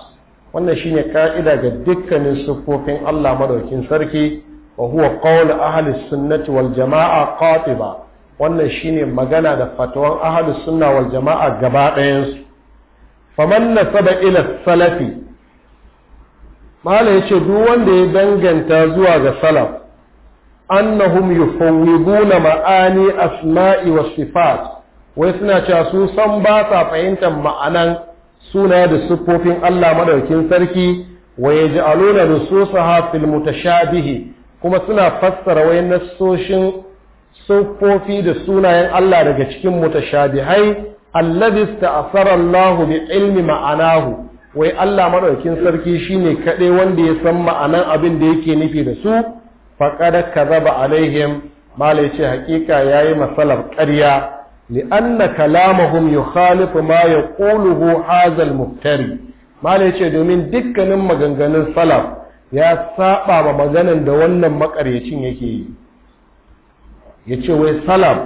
Speaker 1: wannan shine ka'ida ga dukkanin siffofin Allah maɗaukin sarki wa huwa qawl ahli sunnati wal jama'a qatiba wannan shine magana da fatawan ahadu sunna wal jama'a gaba ɗayansu faman na saba ila salafi malam yace duk wanda ya danganta zuwa ga salaf annahum yufawwiduna ma'ani asma'i wa sifat wai suna cewa su san ba sa fahimtar ma'anan suna da siffofin Allah maɗaukin sarki wa yaj'aluna nususaha fil mutashabihi kuma suna fassara wai nasoshin siffofi da sunayen Allah daga cikin mutashabihai allazi ta'assara Allahu bi ilmi ma'anahu wai Allah madaukin sarki shine kadai wanda ya san ma'anan abin da yake nufi da su faqad kazaba alaihim malai ce hakika yayi masalar ƙarya li'anna kalamuhum yukhalifu ma yaquluhu hadha muftari malai ce domin dukkanin maganganun salaf ya saba ma maganan da wannan makaryacin yake yi ya ce wai salam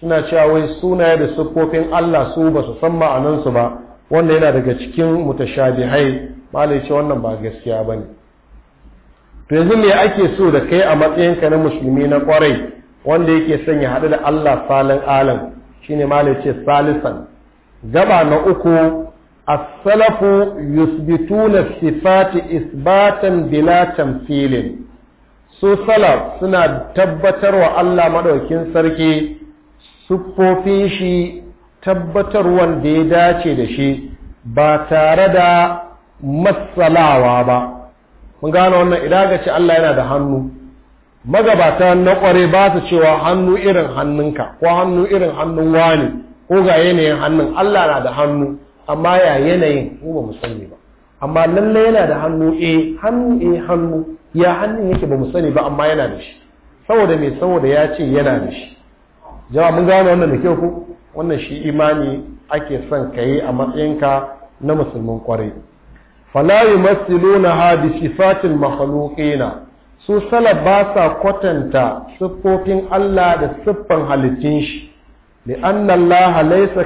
Speaker 1: suna cewa wai sunaye da siffofin Allah su ba su san ma'anansu ba wanda yana daga cikin mutashabihai mala ya ce wannan ba gaskiya ba ne to yanzu me ake so da kai a matsayinka na musulmi na kwarai wanda yake son ya haɗu da Allah salin alam shine mala ya ce salisan gaba na uku as-salafu yusbituna sifati isbatan bila filin. su salaf suna tabbatarwa Allah maɗaukin sarki siffofin shi tabbatarwan da ya dace da shi ba tare da matsalawa ba mun gano wannan idan ga ce Allah yana da hannu magabata na kware ba su cewa hannu irin hannunka ko hannu irin hannun wani ko ga yanayin hannun Allah na da hannu amma ya yanayin ko ba mu ba amma lallai yana da hannu eh hannu eh hannu ya hannun yake ba mu sani ba amma yana da shi saboda mai saboda ya ce yana da shi jama mun gane wannan da kyau ku wannan shi imani ake son ka yi a matsayinka na musulmin kwarai masu yumassiluna ha bi sifatil makhluqina su sala ba sa kwatanta siffofin Allah da siffan halittun shi li laha laisa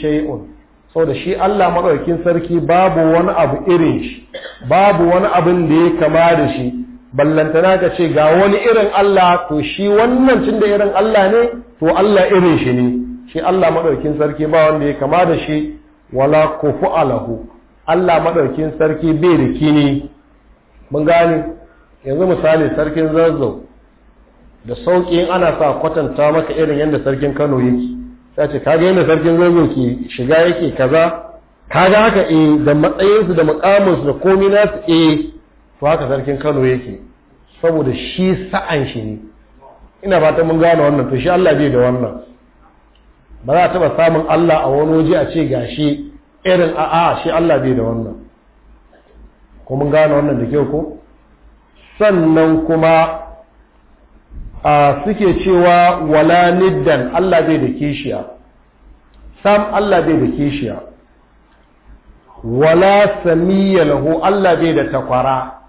Speaker 1: shay'un sau da shi Allah matsarkin sarki babu wani abu irin shi babu wani abin da ya kama da shi ballantana ka ce ga wani irin Allah to shi wannan cin da irin Allah ne to Allah irin shi ne shi Allah matsarkin sarki ba wanda ya kama da shi wala kufu alahu Allah matsarkin sarki bai da kini mun gane yanzu misali sarkin zazzau da sauƙi ana sa kwatanta maka irin yadda sarkin Kano yake sai ce kaga yadda sarkin zazzau ke shiga yake kaza kaga haka eh da matsayinsu da mukaminsu da komi nasu eh to haka sarkin kano yake saboda shi sa'an shi ne ina fatan mun gane wannan to shi Allah bai da wannan ba za a taba samun Allah a wani waje a ce gashi irin a'a shi Allah bai da wannan ko mun gane wannan da kyau ko sannan kuma suke cewa wala niddan Allah bai da kishiya sam Allah bai da kishiya wala samiyya hu Allah bai da takwara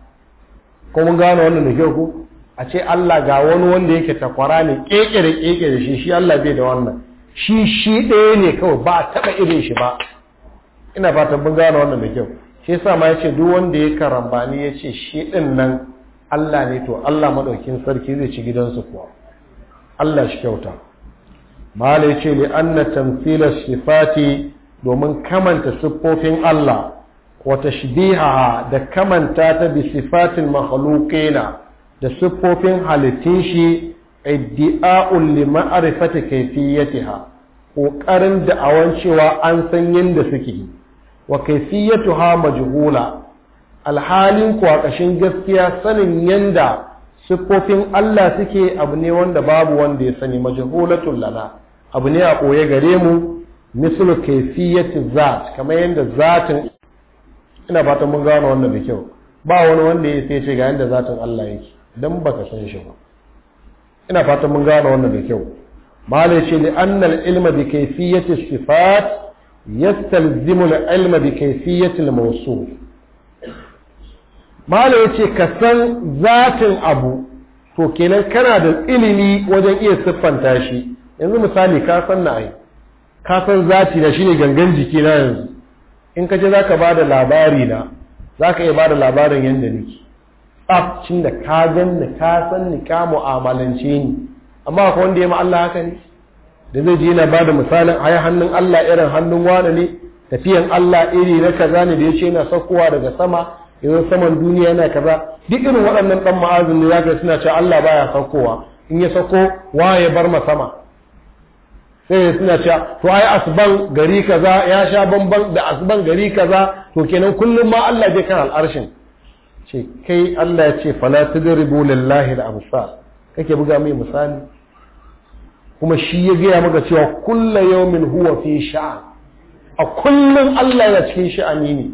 Speaker 1: ko mun gano wannan da kyau ku a ce Allah ga wani wanda yake takwara ne keke da keke da shi shi Allah bai da wannan shi shi ɗaya ne kawai ba taɓa irin shi ba ina fatan mun gane wannan da kyau shi yasa ma yace duk wanda ya karambani yace shi ɗin nan Allah ne to Allah maɗaukin sarki zai ci gidansu kuwa Allah shi kyauta mala yace li anna tamthila sifati domin kamanta siffofin Allah wa tashbihaha da kamanta ta bi sifatil makhluqina da siffofin halittun shi iddi'a'un li ma'rifati kayfiyatiha kokarin da'awan cewa an san yadda suke wa kayfiyatuha majhula alhalin kuwa ƙashin gaskiya sanin yanda siffofin Allah suke abu ne wanda babu wanda ya sani majahulatul lana abu ne a ɓoye gare mu mislu kaifiyati zat kamar yanda zatin ina fatan mun gano wannan da kyau ba wani wanda ya sai ce ga yanda zatin Allah yake dan baka san shi ba ina fatan mun gano wannan da kyau malai ce li annal ilma bi kaifiyati sifat yastalzimu al ilma bi kaifiyati al mawsuf malam ya ce ka san zatin abu to kenan kana da ilimi wajen iya siffanta shi yanzu misali ka san na ai ka san zati na shine gangan jiki na yanzu in ka je za ka ba da labari na za ka iya ba da labarin yadda nake tsafcin da ka ganni ka san ni ka mu'amalance ni amma akwai wanda ya ma Allah haka ne da zai je yana da misalin ai hannun Allah irin hannun wani ne tafiyan Allah iri na kaza ne da ya ce yana saukowa daga sama yanzu saman duniya yana kaza duk irin waɗannan ɗan ma'azin da zaka suna cewa Allah baya saukowa in ya sauko wa ya bar ma sama sai suna cewa to ai asban gari kaza ya sha bamban da asban gari kaza to kenan kullum ma Allah bai kan al'arshin ce kai Allah ya ce fala tudribu lillahi al-amsal kake buga mai misali kuma shi ya gaya maka cewa kulla yawmin huwa fi sha'an a kullum Allah yana cikin sha'ani ne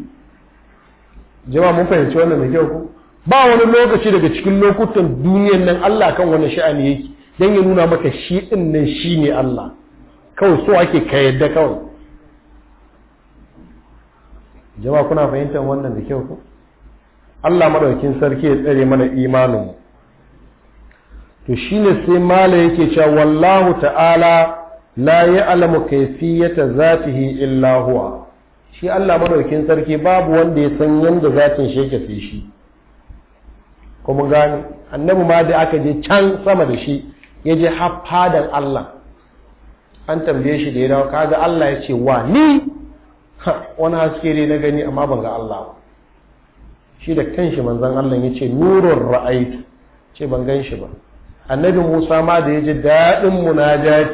Speaker 1: jama'a mun fahimci wannan mai kyau ko ba wani lokaci daga cikin lokutan duniyan nan Allah kan wani sha'ani yake dan ya nuna maka shi din nan shine Allah kawai so ake ka yadda kawai jama'a kuna fahimtar wannan da kyau ko Allah madaukakin sarki ya tsare mana imanin mu to shine sai mala yake cewa wallahu ta'ala la ya'lamu kayfiyata zatihi illa huwa shi Allah madaukin sarki babu wanda ya san yanda zatin shi yake sai shi kuma gani annabi ma da aka je can sama da shi ya je hafadan Allah an tambaye shi da ya dawo kaga Allah ya ce wa ni wani haske dai na gani amma ban ga Allah ba shi da kanshi manzon Allah ya ce nurur ra'ait ce ban gan shi ba annabi Musa ma da ya ji daɗin munajat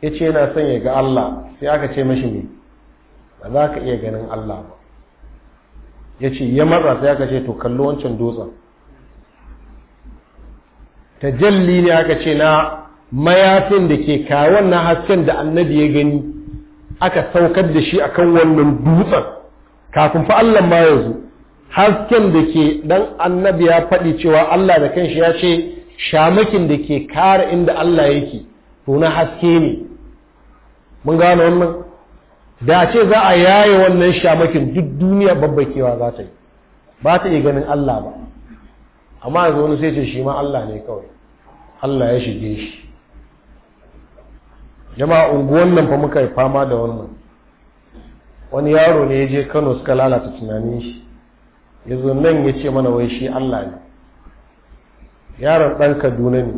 Speaker 1: ya ce yana son ya ga Allah sai aka ce mashi ne ba za ka iya ganin Allah ba ya ce ya matsa sai aka ce to kallo wancan dutsen tajalli ne aka ce na mayafin da ke kawon na hasken da annabi ya gani aka saukar da shi akan wannan dutsen kafin fa Allah ma yanzu hasken da ke dan annabi ya faɗi cewa Allah da kanshi ya ce shamakin da ke kare inda Allah yake to na haske ne mun gane wannan da ce za a yaye wannan shamakin duk duniya babbakewa za ta yi ba ta iya ganin Allah ba amma yanzu wani sai ce shi ma Allah ne kawai Allah ya shige shi jama'a unguwan nan fa muka yi fama da wannan wani yaro ne ya je Kano suka lalata tunanin shi ya zo nan ya ce mana wai shi Allah ne yaron ɗan Kaduna ne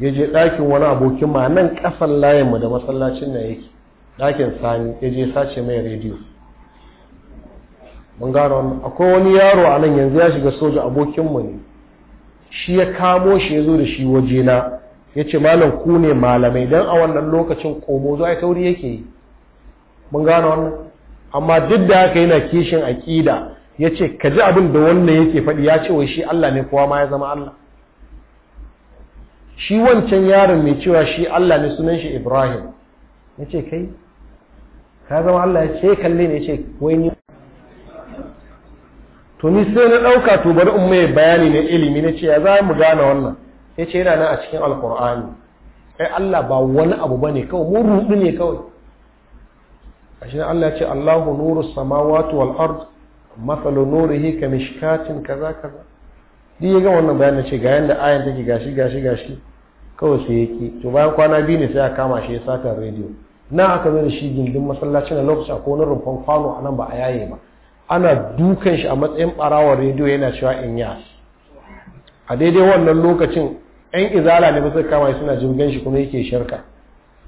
Speaker 1: ya je ɗakin wani abokin ma nan ƙasan layinmu da masallacin na yake ɗakin sani ya je sace mai rediyo mun gano wannan akwai wani yaro a nan yanzu ya shiga soja abokinmu ne shi ya kamo shi ya zo da shi wajena ya ce malam ku ne malamai don a wannan lokacin komo zuwa ya tauri yake yi mun gano wannan amma duk da haka yana kishin aƙida ya ce ka ji abin da wannan yake faɗi ya ce wai shi Allah ne kowa ma ya zama Allah shi wancan yaron mai cewa shi Allah ne sunan shi Ibrahim ya ce kai ka zama Allah ya ce kalle ne ce wai ni to ni sai na ɗauka to bari in mai bayani ne ilimi na ce ya za mu gane wannan ya ce yana nan a cikin alkur'ani kai Allah ba wani abu ba ne kawai mun rudu ne kawai ashe Allah ya ce Allahu nuru samawati wal ard mathalu nurihi ka mishkatin kaza kaza
Speaker 2: duk ya ga wannan bayanin ce ga yanda ayan
Speaker 1: take gashi gashi gashi kawai sai yake to bayan kwana biyu ne sai a kama shi ya saka rediyo na aka mai da shi gindin masallacin na lokaci ko na rumfan kwano a nan ba a yaye ba ana dukan shi a matsayin barawar rediyo yana cewa in ya a daidai wannan lokacin yan izala ne ba kama shi suna jirgin shi kuma yake sharka.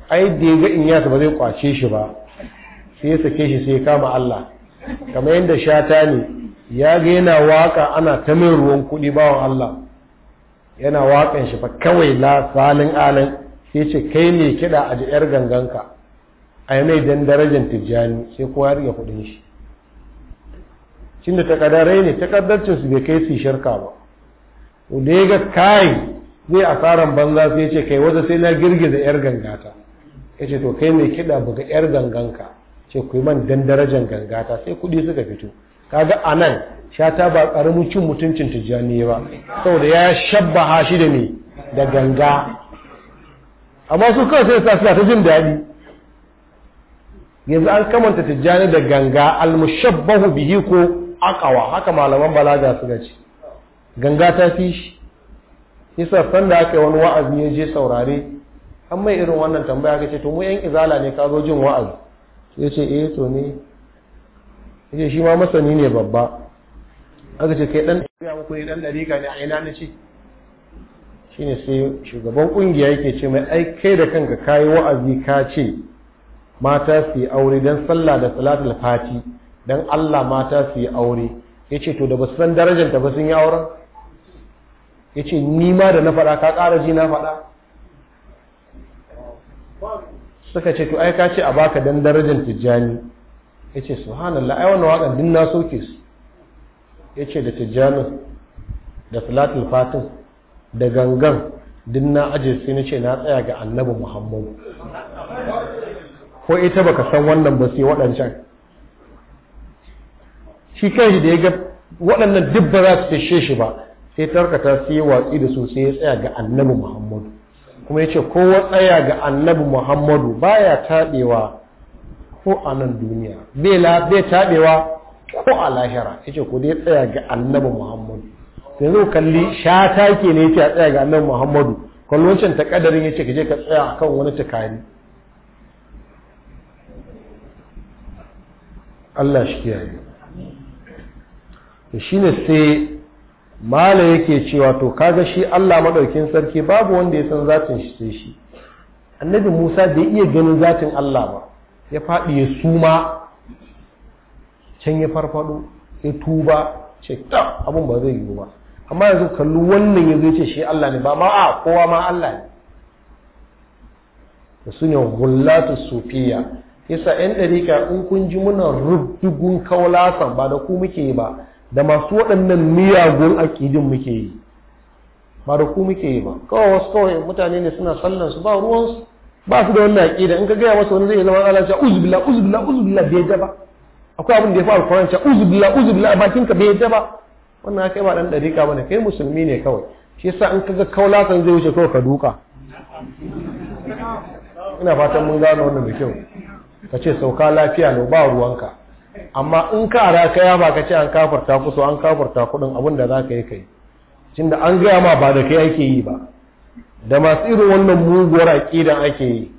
Speaker 1: ai da ya ga in ya ba zai kwace shi ba sai ya sake shi sai ya kama Allah kamar yadda shata ne ya ga yana waka ana ta min ruwan kuɗi bawan Allah yana wakan shi fa kawai la salin alin sai ce kai ne kiɗa a ji 'yar ganganka a mai dan darajar tijjani sai kowa rike kudin shi cinda takadarai ne takardarcin su bai kai su shirka ba to da ya ga kai zai asaran banza sai ya ce kai wata sai na girgiza yar gangata ya ce to kai mai kiɗa buga yar ganganka ce ku yi man dan darajar gangata sai kuɗi suka fito kaga a nan shata ba ƙaramin cin mutuncin tijjani ba saboda ya shabbaha shi da me da ganga amma su kawai sai sa suna ta jin daɗi yanzu an kamanta tijjani da ganga almushabbahu bihi ko akawa haka malaman balaga suka ce ganga ta fi shi yasa da aka wani wa'azi ya je saurare an mai irin wannan tambaya aka ce to mu yan izala ne ka zo jin wa'azi ya ce eh to ne ya shi ma masani ne babba aka ce kai dan ya muku ne dan dariga ne a ina ne ce shine sai shugaban kungiya yake ce mai ai kai da kanka kayi wa'azi ka ce mata su yi aure don sallah da salatul fati don Allah mata su yi aure ya ce to da ba su san darajanta ba sun yi auren ya ce ni ma da na faɗa ka ƙara ji na faɗa suka ce to ai ka ce a baka don darajar tijjani ya ce hana la'ai wani waƙan din na soke su ya ce da Tijjani da salatul fatin da gangan din na aje sai na ce na tsaya ga annabi muhammadu
Speaker 2: ko ita baka san wannan
Speaker 1: ba sai waɗancan shi kanshi da ya ga waɗannan duk ba za su fishe shi ba sai tarkata su yi watsi da su sai ya tsaya ga annabi muhammadu kuma ya ce kowa tsaya ga annabi muhammadu baya taɓewa ko a nan duniya bai taɓewa ko a lahira ya ce ku dai tsaya ga annabi muhammadu yanzu kalli shata ke ne ya ce a tsaya ga annabi muhammadu Kwallon wancan ta kadarin ya ce ka je ka tsaya akan wani tukari Allah shi kiyaye to shine sai mala yake cewa to kaga shi Allah maɗaukin sarki babu wanda ya san zatin shi sai shi annabi Musa ya iya ganin zatin Allah ba ya faɗi ya suma can ya farfaɗo ya tuba ce abin ba zai yiwu ba amma yanzu kallo wannan ya zai ce shi Allah ne ba ma a kowa ma Allah ne da su ne gullatu sufiya yasa yan ɗarika in kun ji muna rubdugun kaulasan ba da ku muke yi ba da masu waɗannan miyagun aƙidin muke yi ba da ku muke yi ba kawai wasu kawai mutane ne suna sallan su ba ruwan su, ba su da wannan aƙida in ka gaya masa wani zai zama ala cewa uzubila uzubila uzubila bai yadda ba akwai abin da ya fi alkuran cewa uzubila uzubila a bakin ka bai yadda ba wannan kai ba dan ɗarika bane kai musulmi ne kawai shi yasa in ka ga kaulasan zai wuce kawai ka duka ina fatan mun gano wannan da kyau ka ce sauka lafiya ne ba ruwanka amma in ka ara kaya ba ka ce an kafarta kusa an kafarta kudin abin da za ka yi kai cin da an gaya ma ba da kai ake yi ba da masu irin wannan muguwar aƙidan ake yi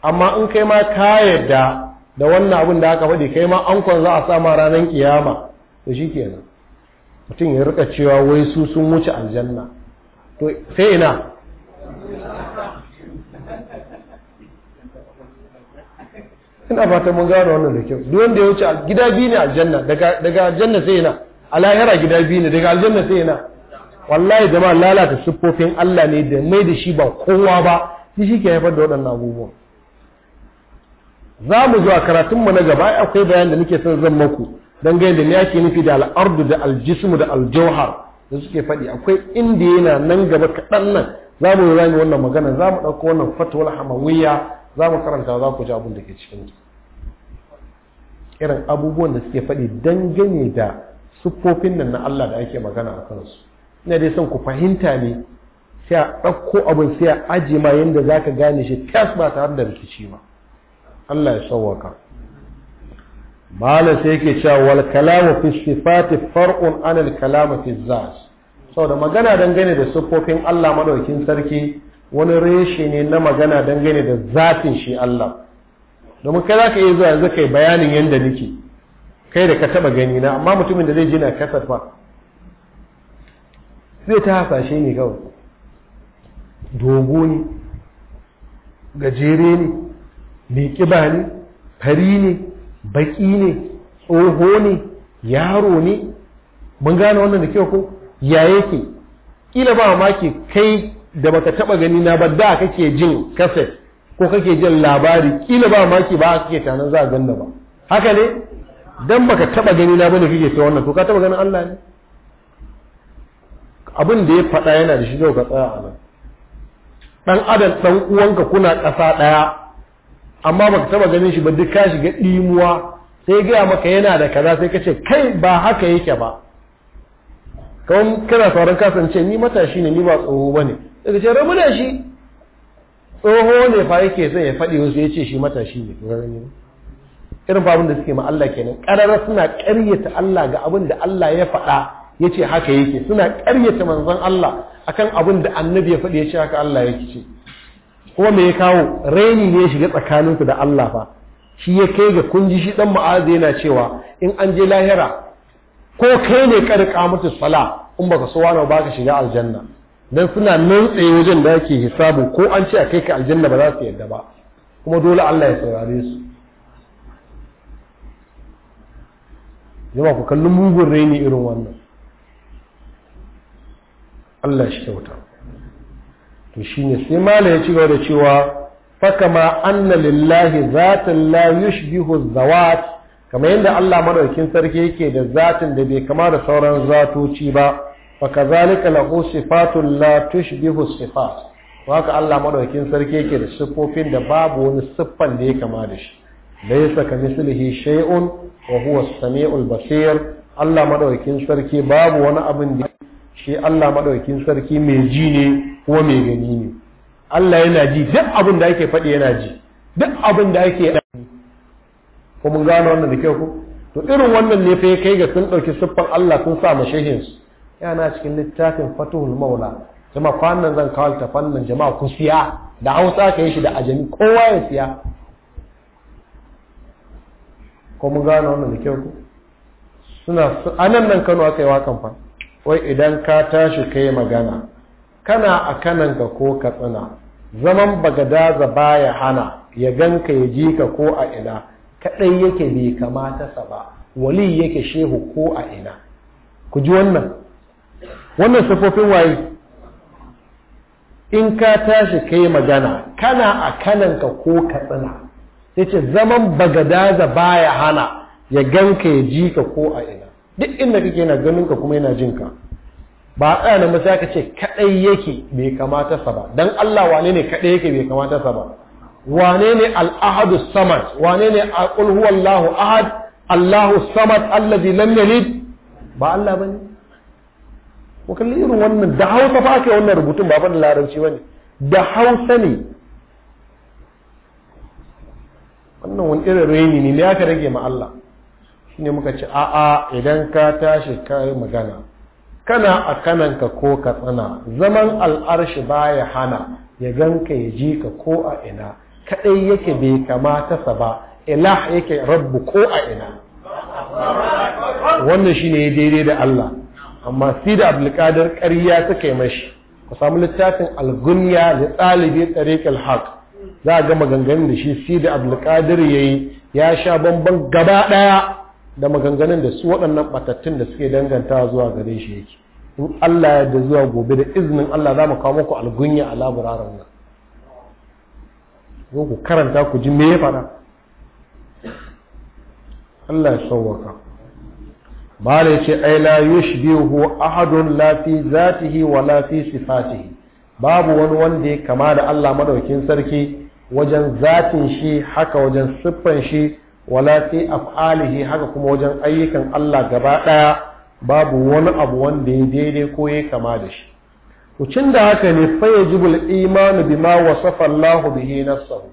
Speaker 1: amma in kai ma ka yarda da wannan abin da aka faɗi kai ma ankon za a sa ma ranar kiyama to shi kenan mutum ya rika cewa wai su sun wuce aljanna to sai ina ina fatan mun gane wannan da kyau duk wanda ya wuce gida biyu ne aljanna daga aljanna sai yana a lahira gida biyu ne daga aljanna sai yana wallahi jama'a lalata siffofin Allah ne da mai da shi ba kowa ba shi shi ke haifar da waɗannan abubuwan za mu zuwa mu na gaba akwai bayan da muke son zan maku don gani da yake nufi da al'ardu da aljismu da aljauhar da suke faɗi akwai inda yana nan gaba kaɗan nan za mu yi wannan magana za mu ɗauko wannan fatawar hamawiyya za mu karanta za ku ji abin da ke cikin irin abubuwan da suke faɗi dangane da siffofin nan na Allah da ake magana a kansu ina dai son ku fahimta ne sai a ɗauko abin sai a aje ma yadda za ka gane shi fiyas ba tare da rikici ba Allah ya sauwaka malam sai yake cewa wal kalamu fi sifati far'un anil kalamu fi zat saboda magana dangane da siffofin Allah maɗaukin sarki wani reshe ne na magana dangane da zafin shi Allah domin kai za ka iya zuwa yanzu kai bayanin yadda nake kai da ka taba gani na amma mutumin da zai je na kasar fa zai ta hasashe ne kawai dogo ne gajere ne mai kiba ne fari ne baƙi ne tsoho ne yaro ne mun gane wannan da kyau ko ya yake kila ba maki kai da baka taba gani na ba da kake jin kasar ko kake jin labari kila ba maki ba kake tunanin za a ganna ba haka ne dan baka taba gani na bane kake ta wannan to ka taba ganin Allah ne abin da ya faɗa yana da shi zai ka tsaya a nan dan adam dan uwanka kuna ƙasa ɗaya amma baka taba ganin shi ba duk ka shiga ɗimuwa sai gaya maka yana da kaza sai ka ce kai ba haka yake ba kawai kana sauran kasance ni matashi ne ni ba tsoho ba ne daga ce rabu shi tsoho ne fa yake sai ya faɗi wasu ya ce shi matashi ne kun irin babin da suke ma'alla kenan ƙararra suna ƙaryata Allah ga abin da Allah ya faɗa ya ce haka yake suna ƙaryata manzon Allah akan abin da annabi ya faɗi ya ce haka Allah ya ce kuma me ya kawo raini ne ya shiga tsakaninku da Allah fa shi ya kai ga kun ji shi dan ma'azi yana cewa in an je lahira ko kai ne karka mutu sala in baka so wani ba ka shiga aljanna dan suna nan tsaye wajen da yake hisabu ko an ce a kai ka aljanna ba za su yadda ba kuma dole Allah ya saurare su yawa ku kalli mugun raini irin wannan Allah shi kyauta to shine sai mala ya ci gaba da cewa fakama anna lillahi zatan la yushbihu zawat kamar yadda Allah madaukin sarki yake da zatin da bai kama da sauran zatoci ba fakazalika له صفات لا تشبه الصفات وهكا haka Allah سركي sarki yake da siffofin da babu wani siffan da ya kama da shi السميع البصير الله مدوكين سركي باب samiul ابن Allah شيء sarki babu wani abin da shi Allah sarki mai ji ne mai gani ne Allah yana ji duk abin da ake faɗi yana ji duk abin da ake yana ko mun gano wannan da kyau ko to irin wannan ne fa kai ga sun ɗauki siffan Allah sun sa mashehin su yana cikin littafin fatuhul maula jama kwanan zan kawo ta fannin jama'a ku siya da hausa ka yi shi da ajami kowa ya siya ko mun gano wannan da kyau suna a nan Kano aka yi kan fa wai idan ka tashi kai magana kana a ka ko ka tsina zaman bagadaza ya hana ya ganka ya ji ka ko a ina kaɗai yake bai kamata sa ba wali yake shehu ko a ina ku ji wannan wannan sufofin waye in ka tashi ka yi magana kana a kananka ko ka tsina ya ce zaman bagadaza baya hana ya ganka ya ji ka ko a ina duk inda kake yana ganin ka kuma yana jin ka ba a tsaya na ka ce kaɗai yake bai kamata sa ba don Allah wane ne kaɗai yake bai kamata sa ba wane ne al'ahadu samad wane ne a ƙulhuwallahu ahad Allahu samad allazi lam yalid ba Allah bane ku kalli irin wannan da hausa fa ake wannan rubutun ba da larabci ba ne da hausa ne wannan wani irin reni ne ne aka rage ma Allah ne muka ce a'a idan ka tashi ka yi magana kana a kananka ko ka tsana zaman al'arshi ba ya hana ya ganka ya ji ka ko a ina kaɗai yake bai kamata sa ba ilah yake rabbu ko a ina wannan shi shine daidai da Allah amma si da abdulkadir ƙarya ta kai mashi ku samu littafin algunya da ɗalibi tariq haq za a ga maganganun da shi si da abdulkadir yayi ya sha bamban gaba ɗaya da maganganin da su waɗannan batattun da suke danganta zuwa gare shi yake in Allah ya da zuwa gobe da izinin Allah za mu kawo muku algunya a laburarin nan ku karanta ku ji me ya faɗa Allah ya sauwaka malai ce ai la yushbihu ahadun la fi zatihi wa la fi sifatihi babu wani wanda ya kama da Allah madaukin sarki wajen zatin shi haka wajen siffan shi wala fi af'alihi haka kuma wajen ayyukan Allah gaba daya babu wani abu wanda ya daidai ko ya kama da shi kucin da haka ne fa imanu bima wasafa Allah bihi nafsahu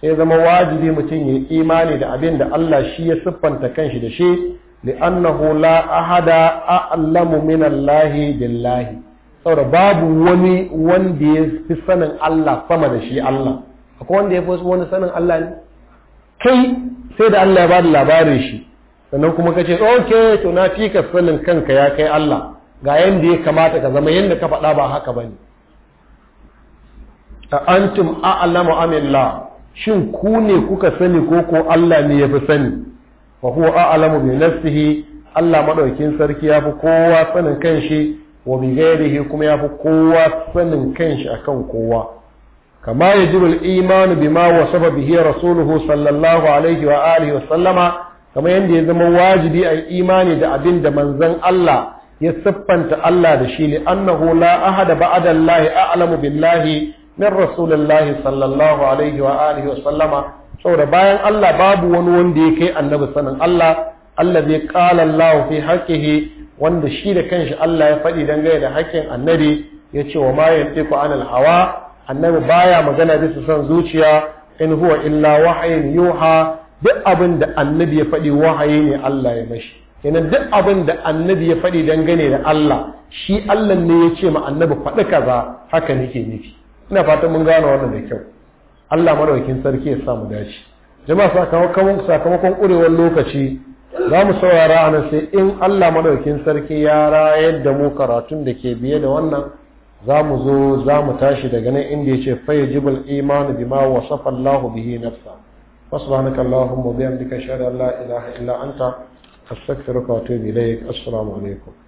Speaker 1: sai zama wajibi mutum ya imani da abin da Allah shi ya siffanta kanshi da shi li'annahu la ahada a'lamu min billahi saboda babu wani wanda ya fi sanin Allah sama da shi Allah akwai wanda ya fi wani sanin Allah ne kai sai da Allah ya bada labarin shi sannan kuma kace okay to na fi ka sanin kanka ya kai Allah ga yanda ya kamata ka zama yanda ka faɗa ba haka bane a antum a'lamu amillah shin ku ne kuka sani ko ko Allah ne ya fi sani wa huwa a'lamu bi nafsihi Allah madaukin sarki yafi kowa sanin kanshi wa bi ghairihi kuma yafi kowa sanin kanshi akan kowa kama yajibu al-iman bima wasafa bihi rasuluhu sallallahu alaihi wa alihi wa sallama kamar yadda ya zama wajibi a imani da abin da manzon Allah ya siffanta Allah da shi ne annahu la ahada ba'da Allah a'lamu billahi min rasulillahi sallallahu alaihi wa alihi wa sallama saboda bayan Allah babu wani wanda ya kai annabi sanin Allah Allah zai qala Allah fi haqqihi wanda shi da kanshi Allah ya faɗi dangane da haƙƙin annabi ya ce wa ma yantiqu anil hawa annabi baya magana bisa son zuciya in huwa illa wahayin yuha duk abin da annabi ya faɗi wahayi ne Allah ya mashi kenan duk abin da annabi ya faɗi dangane da Allah shi Allah ne ya ce ma annabi faɗi kaza haka nake nufi ina fatan mun gane wannan da kyau Allah madaukakin sarki ya sa mu dace jama'a sakamakon sakamakon kurewar lokaci za mu saurara a sai in Allah madaukakin sarki ya rayar da mu karatun da ke biye da wannan za mu zo za mu tashi daga nan inda ya ce fayyajibul imanu bima wasafa Allah bihi nafsa subhanaka allahumma wa bihamdika ashhadu an la ilaha illa anta astaghfiruka wa atubu ilayk assalamu alaikum